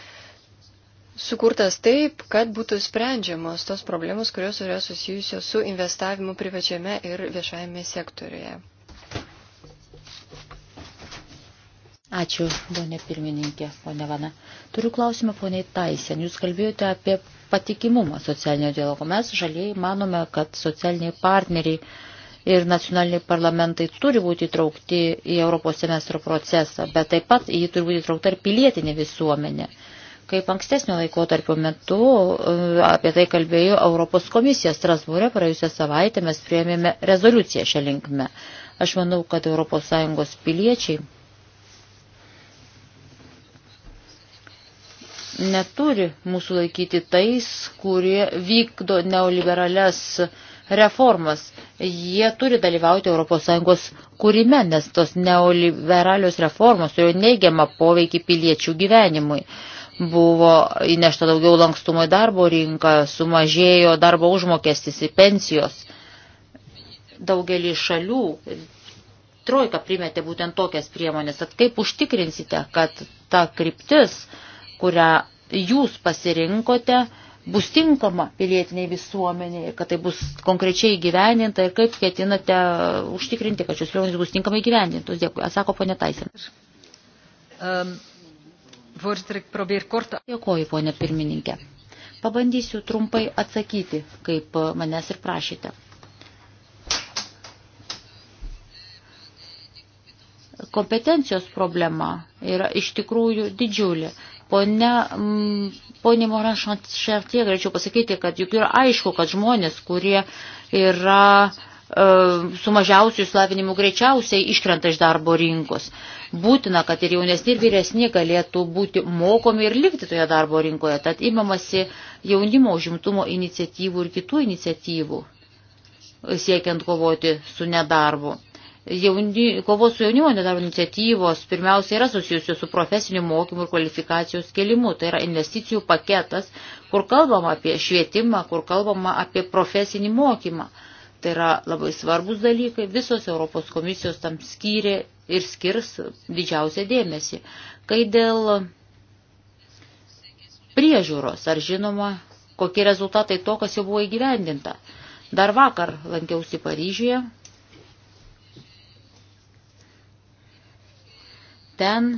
sukurtas taip, kad būtų sprendžiamos tos problemos, kurios yra susijusios su investavimu privačiame ir viešajame sektoriuje. Ačiū, ponė pirmininkė, ponė Vana. Turiu klausimą, ponė Taisen. Jūs kalbėjote apie patikimumą socialinio dialogo. Mes žaliai manome, kad socialiniai partneriai ir nacionaliniai parlamentai turi būti įtraukti į Europos semestro procesą, bet taip pat jį turi būti įtraukta ir pilietinė visuomenė kaip ankstesnio laikotarpio metu, e, apie tai kalbėjo Europos komisija Strasbūrė, praėjusią savaitę mes priėmėme rezoliuciją šią linkmę. Aš manau, kad ES piliečiai neturi mūsų laikyti tais, kurie vykdo neoliberales reformas. Jie turi dalyvauti ES kūrime, nes tos neoliberalios reformos turi neigiamą poveikį piliečių gyvenimui buvo įnešta daugiau lankstumo į darbo rinką, sumažėjo darbo užmokestis į pensijos. Daugelį šalių trojka primetė būtent tokias priemonės. Tad kaip užtikrinsite, kad ta kryptis, kurią jūs pasirinkote, bus tinkama pilietiniai visuomeniai, kad tai bus konkrečiai gyveninta ir kaip ketinate užtikrinti, kad šios priemonės bus tinkamai gyvenintos. Dėkui. Atsako ponė Taisen. Um. Dėkoju, ponė pirmininkė. Pabandysiu trumpai atsakyti, kaip e, manęs ir prašyte. Kompetencijos problema yra iš tikrųjų didžiulė. Pone, mm, ponė Moran Šartie, galėčiau pasakyti, kad juk yra aišku, kad žmonės, kurie yra uh, E, su mažiausiu išslavinimu greičiausiai iškrenta iš darbo rinkos. Būtina, kad ir jaunesni ir vyresni galėtų būti mokomi ir likti toje darbo rinkoje, tad imamasi jaunimo užimtumo iniciatyvų ir kitų iniciatyvų siekiant kovoti su nedarbu. Jauni, kovos su jaunimo nedarbo iniciatyvos pirmiausia yra susijusios su profesiniu mokymu ir kvalifikacijos kelimu. Tai yra investicijų paketas, kur kalbama apie švietimą, kur kalbama apie profesinį mokymą. Uh, Tai yra labai svarbus dalykai, visos Europos komisijos tam skyrė ir skirs didžiausią dėmesį. Kai dėl priežiūros, ar žinoma, kokie rezultatai to, kas jau buvo įgyvendinta. Dar vakar lankiausi Paryžiuje. Ten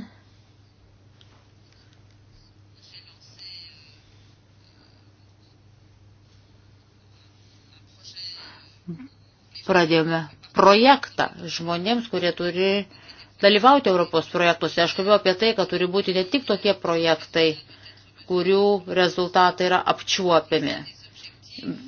pradėjome projektą žmonėms, kurie turi dalyvauti Europos projektuose. Aš kalbėjau apie tai, kad turi būti ne tik tokie projektai, kurių rezultatai yra apčiuopiami,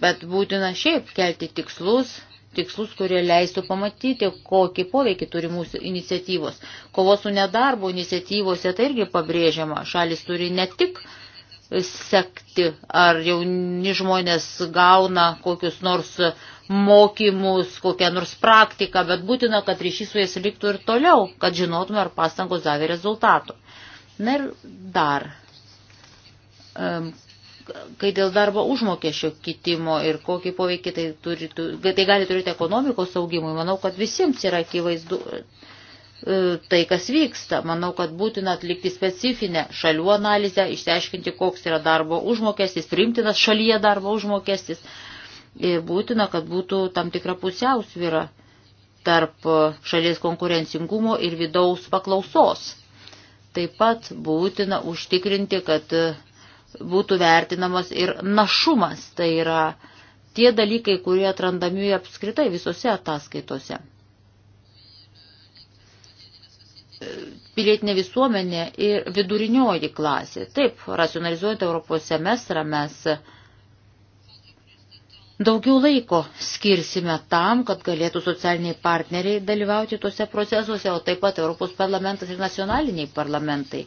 bet būtina šiaip kelti tikslus, tikslus, kurie leistų pamatyti, kokį poveikį turi mūsų iniciatyvos. Kovos su nedarbo iniciatyvose tai irgi pabrėžiama. Šalis turi ne tik sekti, ar jauni žmonės gauna kokius nors mokymus, kokią nors praktiką, bet būtina, kad ryšys su jais liktų ir toliau, kad žinotume, ar pastangos davė rezultatų. Na ir dar, kai dėl darbo užmokesčio kitimo ir kokį poveikį tai, turi, tai gali turėti ekonomikos augimui, manau, kad visiems yra akivaizdu E, tai, kas vyksta. Manau, kad būtina atlikti specifinę šalių analizę, išsiaiškinti, koks yra darbo užmokestis, priimtinas šalyje darbo užmokestis. Ir būtina, kad būtų tam tikra pusiausvyra tarp šalies konkurencingumo ir vidaus paklausos. Taip pat būtina užtikrinti, kad būtų vertinamas ir našumas. Tai yra tie dalykai, kurie atrandami apskritai visose ataskaitose pilietinė visuomenė ir vidurinioji klasė. Taip, racionalizuojant Europos semestrą mes daugiau laiko skirsime tam, kad galėtų socialiniai partneriai dalyvauti tuose procesuose, o taip pat Europos parlamentas ir nacionaliniai parlamentai.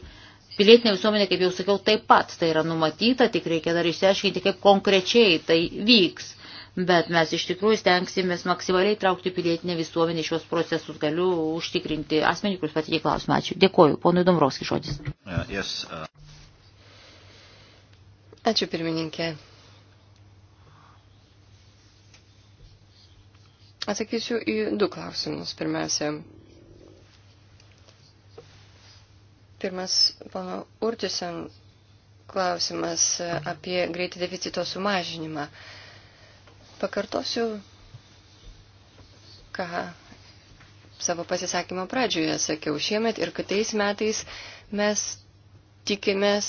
Pilietinė visuomenė, kaip jau sakiau, taip pat tai yra numatyta, tik reikia dar išsiaiškinti, kaip konkrečiai tai vyks bet mes iš tikrųjų stengsimės maksimaliai traukti pilietinę visuomenį šios procesus. Galiu užtikrinti asmenį, kuris patikė klausimą. Ačiū. Dėkoju. Ponui Domrovskis žodis. Uh, yes, uh... Ačiū pirmininkė. Atsakysiu į du klausimus. Pirmiausia, pirmas pono Urtisen klausimas apie greitį deficito sumažinimą. Uh, Pakartosiu, ką savo pasisakymo pradžioje sakiau šiemet ir kitais metais mes tikimės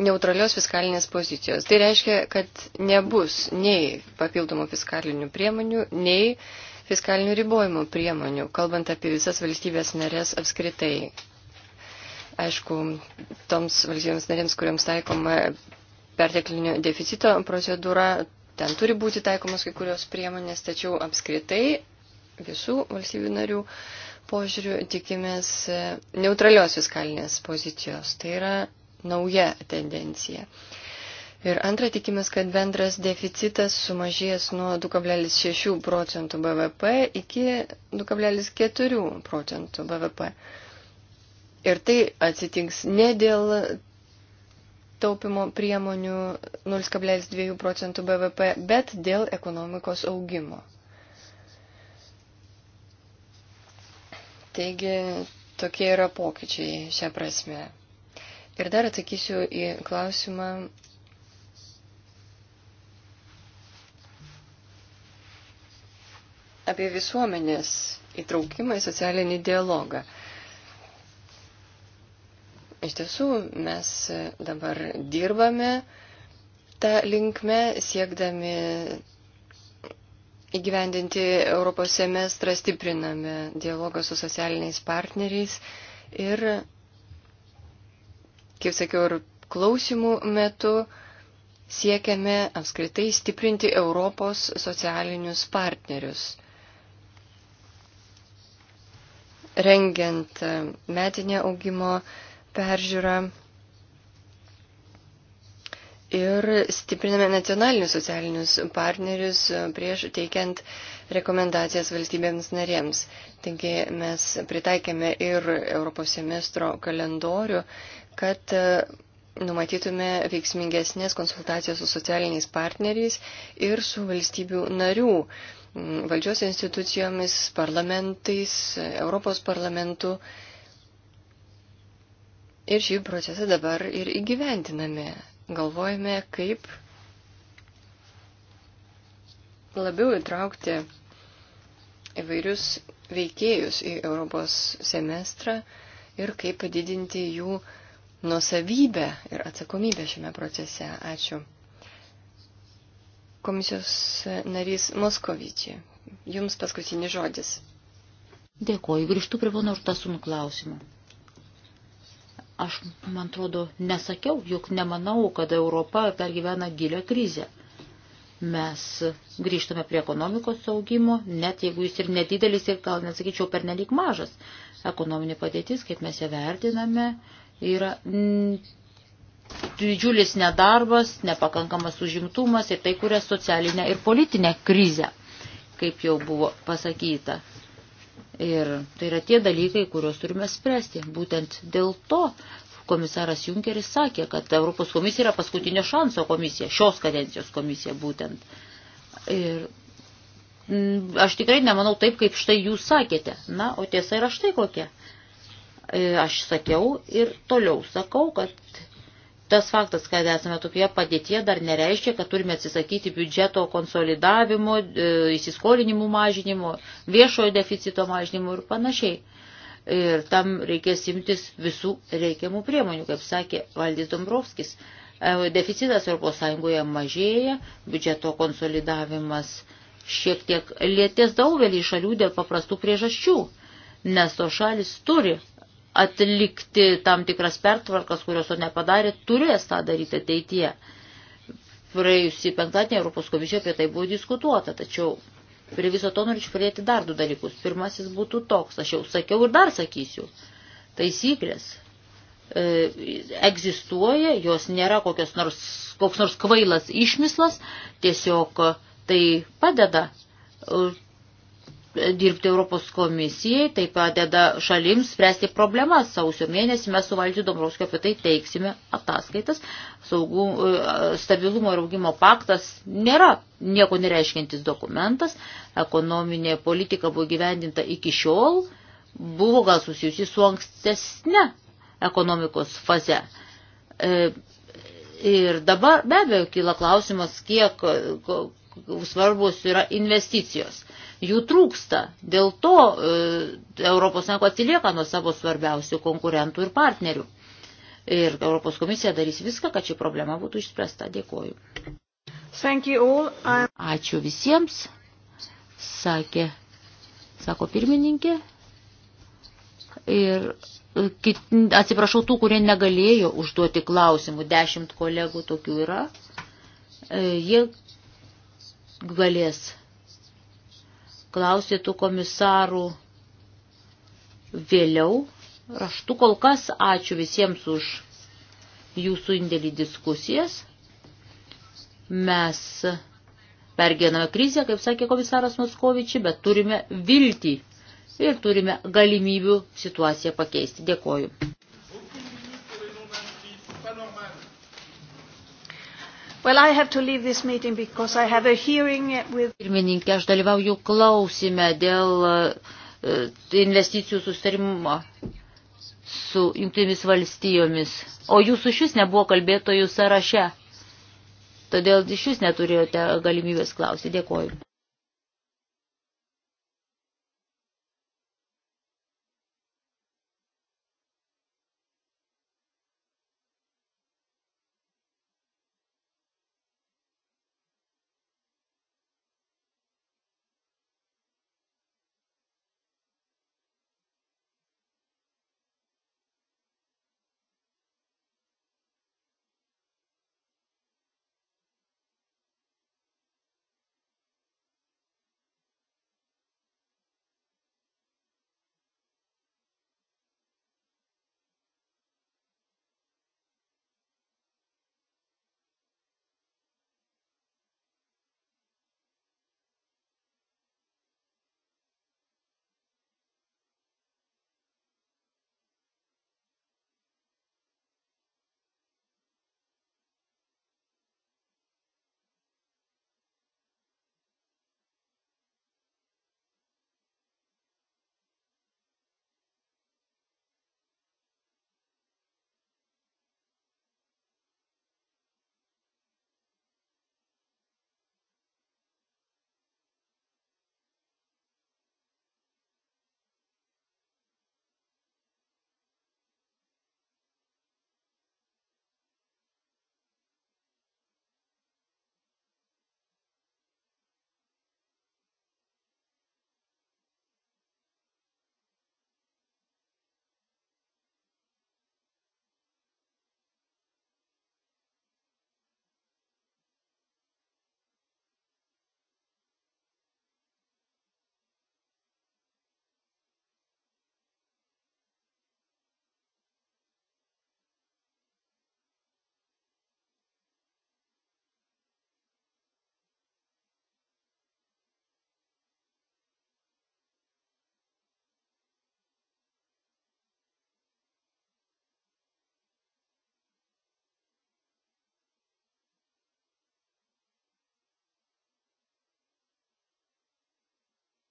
neutralios fiskalinės pozicijos. Tai reiškia, kad nebus nei papildomų fiskalinių priemonių, nei fiskalinių ribojimų priemonių, kalbant apie visas valstybės narės apskritai. Aišku, toms valstybėms narėms, kuriams taikoma perteklinio deficito procedūra, Ten turi būti taikomos kai kurios priemonės, tačiau apskritai visų valstybių narių požiūrių tikimės e, neutralios fiskalinės pozicijos. Tai yra nauja tendencija. Ir antra, tikimės, kad bendras deficitas sumažės nuo 2,6 procentų BVP iki 2,4 procentų BVP. Ir tai atsitiks ne dėl taupimo priemonių 0,2 procentų BVP, bet dėl ekonomikos augimo. Taigi tokie yra pokyčiai šią prasme. Ir dar atsakysiu į klausimą. apie visuomenės įtraukimą į socialinį dialogą. Iš tiesų, mes dabar dirbame tą linkmę, siekdami įgyvendinti Europos semestrą, stipriname dialogą su socialiniais partneriais ir, kaip sakiau, ir klausimų metu siekiame apskritai stiprinti Europos socialinius partnerius. Rengiant metinę augimo peržiūrą ir stipriname nacionalinius socialinius partnerius prieš teikiant rekomendacijas valstybėms narėms. Taigi mes pritaikėme ir Europos semestro kalendorių, kad e, numatytume veiksmingesnės konsultacijas su socialiniais partneriais ir su valstybių narių valdžios institucijomis, parlamentais, Europos parlamentu Ir šį procesą dabar ir įgyventiname. Galvojame, kaip labiau įtraukti įvairius veikėjus į Europos semestrą ir kaip padidinti jų nusavybę ir atsakomybę šiame procese. Ačiū. Komisijos narys Moskovičiai. Jums paskutinis žodis. Dėkoju. Grįžtu prie pono Urtasunų klausimų. Aš, man atrodo, nesakiau, juk nemanau, kad Europa pergyvena gilę krizę. Mes grįžtame prie ekonomikos saugimo, net jeigu jis ir nedidelis ir gal nesakyčiau per nelik mažas. Ekonominė padėtis, kaip mes ją vertiname, yra m, didžiulis nedarbas, nepakankamas užimtumas ir tai kuria socialinę ir politinę krizę, kaip jau buvo pasakyta. Ir tai yra tie dalykai, kuriuos turime spręsti. Būtent dėl to komisaras Junkeris sakė, kad Europos komisija yra paskutinė šanso komisija, šios kadencijos komisija būtent. Ir mm, aš tikrai nemanau taip, kaip štai jūs sakėte. Na, o tiesa yra štai kokia. E, aš sakiau ir toliau sakau, kad tas faktas, kad esame tokioje padėtyje, dar nereiškia, kad turime atsisakyti biudžeto konsolidavimo, e, įsiskolinimų mažinimo, viešojo deficito mažinimo ir panašiai. Ir tam reikės imtis visų reikiamų priemonių, kaip sakė Valdis Dombrovskis. E, deficitas ES mažėja, biudžeto konsolidavimas šiek tiek lėtės daugelį šalių dėl paprastų priežasčių, nes to šalis turi atlikti tam tikras pertvarkas, kurios to nepadarė, turės tą daryti ateityje. Praėjusį penktadienį Europos komisijoje apie tai buvo diskutuota, tačiau prie viso to norėčiau pridėti dar du dalykus. Pirmasis būtų toks, aš jau sakiau ir dar sakysiu, taisyklės e, egzistuoja, jos nėra kokios nors, koks nors kvailas išmislas, tiesiog tai padeda e, dirbti Europos komisijai, tai padeda šalims spręsti problemas. Sausio mėnesį mes su Valdžiu Dombrovskiu apie tai teiksime ataskaitas. Saugų, e, stabilumo ir augimo paktas nėra nieko nereiškintis dokumentas. Ekonominė politika buvo gyvendinta iki šiol, buvo gal susijusi su ankstesne ekonomikos faze. E, ir dabar be abejo kyla klausimas, kiek svarbus yra investicijos. Jų trūksta, dėl to ES atsilieka nuo savo svarbiausių konkurentų ir partnerių. Ir Europos komisija darys viską, kad ši problema būtų išspręsta. Dėkuoju. Ačiū visiems, sakė, sako pirmininkė. Ir e, kit, atsiprašau tų, kurie negalėjo užduoti klausimų. Dešimt kolegų tokių yra. E, jie galės klausyti tų komisarų vėliau. Raštu kol kas ačiū visiems už jūsų indėlį diskusijas. Mes pergyvename krizę, kaip sakė komisaras Moskovičiai, bet turime viltį ir turime galimybių situaciją pakeisti. Dėkoju. Well, I have to leave this meeting because I have a hearing with... Pirmininkė, aš dalyvauju klausime dėl e, investicijų sustarimo su jungtimis valstijomis, o jūsų šis nebuvo kalbėtojų sąraše. Todėl iš jūs neturėjote galimybės klausyti. Dėkoju.